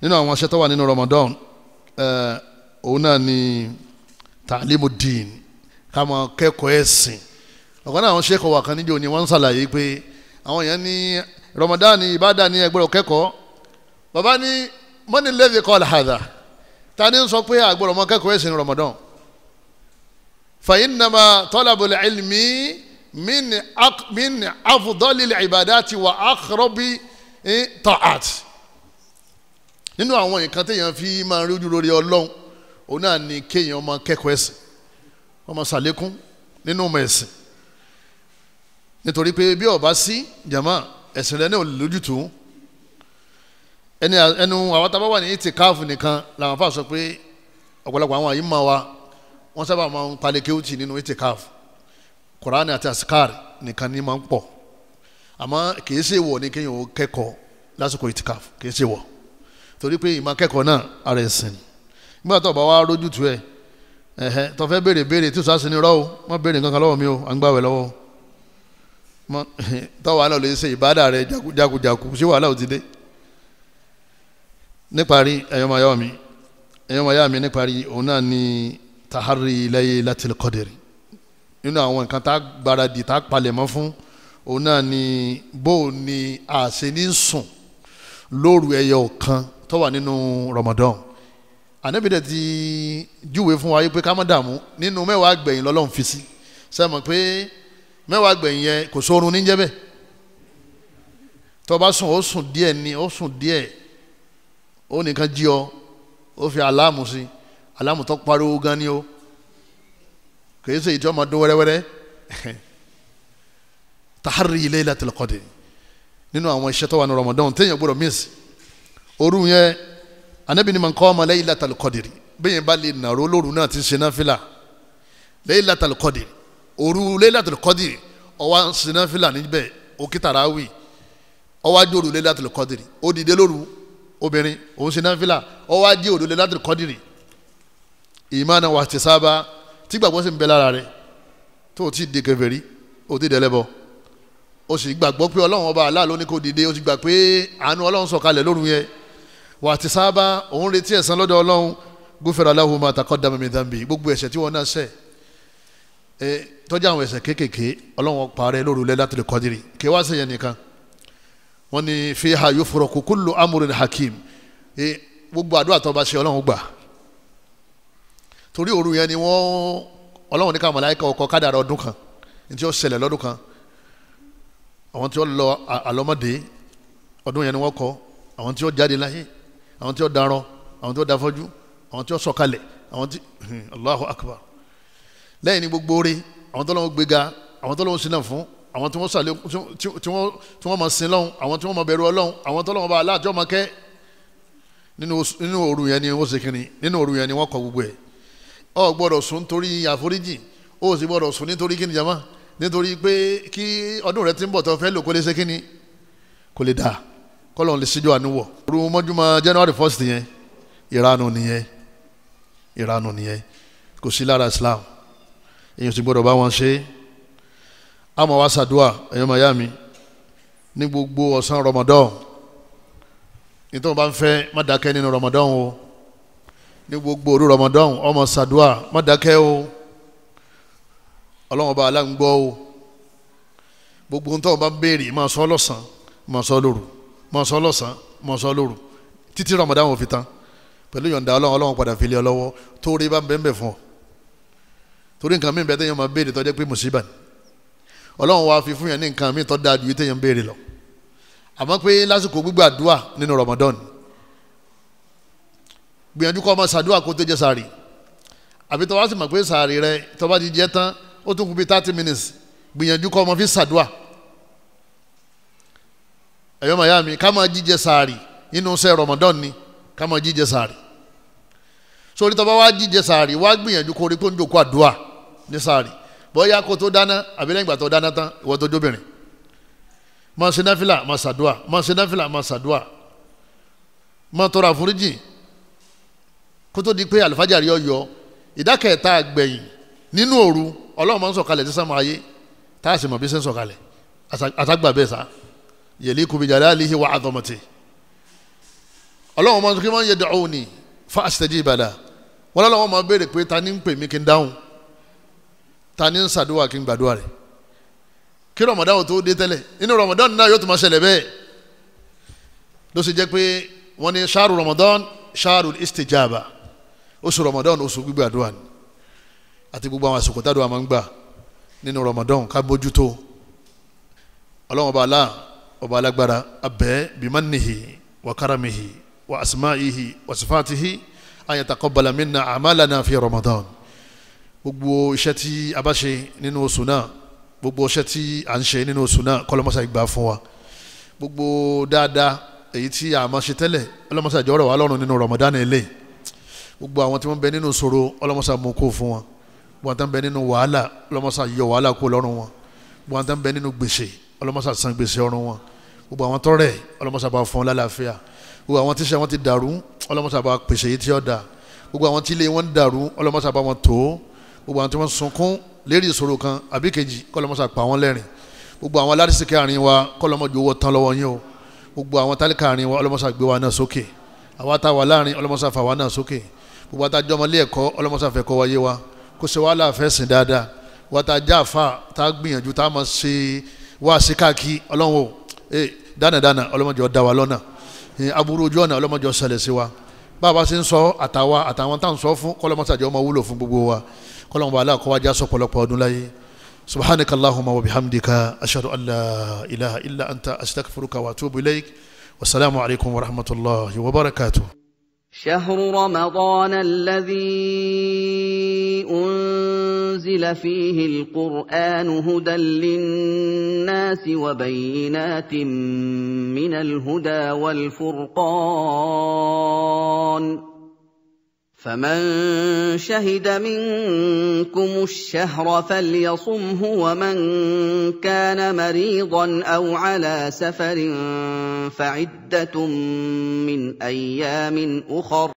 Speaker 1: nínú àwọn aṣẹ́ tó wà nínú Ramadan eh, òun náà ni tàlímù dín ká máa kẹ́kọ̀ọ́ ẹ̀sìn ọ̀kan náà àwọn ṣẹ́kọ̀ọ́ wà kan níjẹ́ ni. wọ́n ń ṣàlàyé pé àwọn èèyàn ní Ramadan ìbádà ni ẹgbẹ́rún kẹ́kọ̀ọ́ bàbá ní mọ́ni lẹ́fì kọ́ àlàhàdà ta ni ń sọ pé àgbọ̀rọ̀ ọmọ kẹ́kọ̀ọ́ ẹ̀sìn Ramadan fàyínnàmà tọ́lábùlẹ̀ ilmi min afudọ́lì ìbádàtì wà ákọ́rọ́bì tọ́àt nínú àwọn nǹkan téèyàn fi máa rújú lórí Ọlọ́run òun náà ni kéèyàn máa kẹ́kọ̀ọ́ ẹ̀sìn wọ́n máa ṣàlékún nínú ọmọ ẹ̀sìn nítorí pé bí ó bá sí jàmáà ẹ̀sìn rẹ náà lójútùú ẹni ẹnu àwọn tábà wà ní ìtìkáàfù nìkan làwọn fà sọ pé ọ̀pọ̀lọpọ̀ àwọn àyín máa wa wọ́n sábà máa ń palẹ̀ kéwùtì nínú ìtìkáàfù kùránì àti àsìkáàrì nìkan ní máa ń pọ̀ àmọ́ kìí ṣe wọ̀ ní kéèyàn ó kẹ́kọ̀ọ́ lásìkò kìí ṣe wọ̀ torí pé o béèrè nǹkan kan lọ́wọ́ mi o à ń gbàwẹ̀ lọ́wọ́ o tọ́wọ́ àlọ́ lè ṣe ìbádà rẹ̀ jákujàku ṣé wàhálà ò ti dé níparí ẹ̀yọ́mọ̀ ayọ́ mi ẹ̀yọ́mọ̀ ayọ́ mi níparí òun náà ni tahari laylatil qadri nínú àwọn nǹkan tá a gbáradì tá a palẹ̀mọ́ fún òun náà ni bó o ní àṣẹ ní sùn lóru ẹyọ kan tó wà nínú Ramadan ànábìdẹ ti júwe fún wa yí pé ká má dààmú nínú mẹ́wàá gbẹ̀yìn lọ́lọ́run fi sí sẹ́mi pé mẹ́wàá gbẹ̀yìn yẹn kò sórun níjẹ́ bẹ́ẹ̀ tó bá sùn ó sùn díẹ̀ ni ó sùn díẹ̀ ó nìkan jí ọ ó fi àlámù sí àlámù tó pariwo gan ni ó kìí ṣe ìjọ máa dún wẹ́rẹ́wẹ́rẹ́ tahari Laylatul Qadr nínú àwọn iṣẹ́ tó wà ní Ramadan téèyàn gbọ́dọ̀ miss òru yẹn Ànábì ní man qama Laylatul Qadr bẹ́ẹ̀ yẹn bá lè nàró lóru náà ti ṣe náà fìlà Laylatul Qadr òru Lailatul Qadri ọwọ́ sinafila níbẹ̀ òkìtàràwì ọwọ́ ajé òru Lailatul Qadri ó dìde lóru obìnrin òun sinafila ọwọ́ ajé òru Lailatul Qadri ìmánà wà ti sábà tí gbàgbọ́ sì ń bẹ lára rẹ tó o ti di kèfèrí o ti dẹlẹ́bọ o sì gbàgbọ́ pé ọlọ́run ọba Allah ló ní kó dìde o sì gbà pé àánú ọlọ́run sọ̀kalẹ̀ lóru yẹn wà òun retí ẹ̀san lọ́dọ̀ ọlọ́run gufira lahu ma taqaddama min dhanbi gbogbo ẹ̀ṣẹ̀ tí wọ́n náà ṣẹ̀ tọ́jà àwọn ẹ̀ṣẹ̀ kéékèèké ọlọ́run parẹ́ lóru Laylatul Qadri kí wá sẹ́yìn nìkan wọ́n ní fiha yufraku kullu amrin hakim gbogbo àdúrà tó bá ṣe ọlọ́run gbà torí òru yẹn ni wọ́n ọlọ́run ní ká màláíkà ọkọ kádàrá ọdún kan ní tí ó ṣẹlẹ̀ lọ́dún kan àwọn tí ó lọ àlọ́mọdé ọdún yẹn ni wọ́n kọ àwọn tí ó jáde láyé àwọn tí ó darọ àwọn tí ó dafọ́jú àwọn tí ó sọ̀kalẹ̀ àwọn tí Allahu akbar lẹ́yìn ní gbogbo rẹ̀ àwọn tó lọ́wọ́ gbéga àwọn tó lọ́wọ́ sinà fún àwọn tí wọ́n sàlẹ̀ tí wọ́n máa sin lọ́hùn àwọn tí wọ́n máa bẹ̀rù ọlọ́hùn àwọn tó lọ́wọ́ bá aláàjọ́ máa kẹ́ nínú òru yẹn ni wọ́n ṣe kínní nínú òru yẹn ni wọ́n kọ gbogbo ẹ̀ ọ gbọ́dọ̀ sùn nítorí àforíjì ó sì gbọ́dọ̀ sùn nítorí kíni jama nítorí pé kí ọdún rẹ ti ń bọ̀ tó fẹ́ lò kó lè ṣe kínní kó lè dà kọ́lọ́n lè ṣíjọ́ àníwọ̀. òru mọ́júmọ́ January first yẹn ìranu nìyẹn ìranu nìyẹn kò sí lára Islam èyàn sì gbọ́dọ̀ bá wọn ṣe é àmọ́ wá ṣàdúà ẹ̀yọ́ màyá mi ní gbogbo ọ̀sán rọmọdán nítorí wọn bá ń fẹ́ má dákẹ́ nínú rọmọdán o ní gbogbo òru rọmọdán ọmọ ṣàdúà má o ọlọ́wọ́n aláǹgbọ́ o gbogbo ohun tó wọn bá ń béèrè máa sọ lọ́sàn máa sọ lóru máa sọ lọ́sàn máa sọ lóru títí rọmọdán ò fi tán pẹ̀lú yọ̀ǹda ọlọ́wọ́n ọlọ́wọ́n padà fi lé ọ lọ́wọ́ tó rí bá ń bẹ́ẹ̀ bẹ́ẹ̀ fún ọ torí nǹkan mi bẹ́ẹ̀ téèyàn máa béèrè tó jẹ́ pé mùsíbà ni ọlọ́run wàá fi fún yẹn ní nǹkan mi tó dáa ju téèyàn béèrè lọ àmọ́ pé lásìkò gbígbàdúà nínú Ramadan gbìyànjú kọ́ ọmọ sàdúà kó tó jẹ sàárì àbí tó wá sì mọ̀ pé sàárì rẹ tó bá ti jẹ tán ó tún kù bí thirty minutes gbìyànjú kọ́ ọmọ fi sàdúà ẹ̀yọ́ màyá mi ká máa jíjẹ sàárì nínú iṣẹ́ Ramadan ni ká máa jíjẹ sàárì sórí tó wá jíjẹ sàárì wá gbìyànjú kó rí pé ó ń jòkó àdúà ní sáàrì bóyá kó tó dáná àbí lẹ́yìn ìgbà tó dáná tán ìwọ tó jóbìnrin máa ṣe náfìlà máa ṣàdúà máa ṣe náfìlà máa ṣàdúà máa tọrọ àforíjì kó tó di pé àlùfájàrí ọyọ ìdákẹ́ẹ̀ta àgbẹ̀yìn nínú òru ọlọ́run máa ń sọ̀kalẹ̀ sí sámà ayé tá a sì mọ̀ bí ṣe ń sọ̀kalẹ̀ àtàgbà bẹ́ẹ̀ sá yẹ̀lí kùbí jalalihi wa adhamati ọlọ́run máa ń sọ kí wọ́n yẹ da'uni fa astajib bàdà wọ́n lọ́wọ́ ta ni ń ṣàdúrà kí n gbàdúrà rẹ̀ kí rọmọdáwò tó dé tẹ́lẹ̀ inú rọmọdáwò náà yóò tún máa ṣẹlẹ̀ bẹ́ẹ̀ ló sì jẹ́ pé wọ́n ní ṣáàrù rọmọdáwò ṣáàrù istijaba oṣù rọmọdáwò oṣù gbígbàdúrà ni àti gbogbo àwọn àsìkò tádùn àmọ́ ń gbà nínú rọmọdán ká bójútó ọlọ́run ọba alá ọba alágbára abẹ́ bimannihi wa karamihi wa asma'ihi wa sifatihi an yataqabbala minna a'malana fi rọmọdán gbogbo iṣẹ́ tí a bá ṣe nínú oṣù náà gbogbo iṣẹ́ tí a ń ṣe nínú oṣù náà kọ́lọ́mọ́sá ìgbà fún wa gbogbo dáadáa èyí tí a máa ṣe tẹ́lẹ̀ ọlọ́mọ́sá ìjọ rọ̀ wá lọ́rùn nínú Ramadan ilé gbogbo àwọn tí wọ́n bẹ nínú ìṣòro ọlọ́mọ́sá mú kó fún wọn gbogbo àwọn tí wọ́n bẹ nínú wàhálà ọlọ́mọ́sá yọ wàhálà kó lọ́rùn wọn gbogbo àwọn tí wọ́n bẹ nínú gbèsè ọlọ́mọ́sá san gbèsè ọrùn wọn gbogbo àwọn tọ́rẹ̀ ọlọ́mọ́sá bá gbogbo àwọn tí wọ́n sunkún lérí ìṣòro kan àbí kejì kọ́lọ́mọ́sà pa wọ́n lẹ́rìn gbogbo àwọn alárìsíkí àárín wa kọ́lọ́mọ́jọ owó tán lọ́wọ́ yín o gbogbo àwọn tálíkà àárín wa ọlọ́mọ́sà gbé wa náà sókè àwa tá láàrin ọlọ́mọ́sà fà wa náà sókè gbogbo àtàjọ ọmọlé ẹ̀kọ́ ọlọ́mọ́sà fẹ́ kọ́ wáyé wa kó ṣe wàhálà fẹ́ sìn dáadáa wà tá fa tá gbìyànjú tá wa lọ́nà aburú ojú ọ̀nà ọlọ́mọ́jọ ṣẹlẹ̀ sí wa bá a bá ṣe ń sọ àtàwa àtàwọn tá à ń sọ fún kọ́lọ́mọ́sà jọ kọ́lọ́n bá aláàkọ́ wájà sọ̀pọ̀lọpọ̀ ọdún láyé subhanaka allahumma wa bihamdika ashhadu an la ilaha illa anta astaghfiruka wa atubu ilayk wasalaamu alaykum wa rahmatulahi wa barakatuh. شهر رمضان الذي انزل فيه القران هدى للناس وبينات من الهدى والفرقان فمن شهد منكم الشهر فليصمه ومن كان مريضا او على سفر فعده من ايام اخر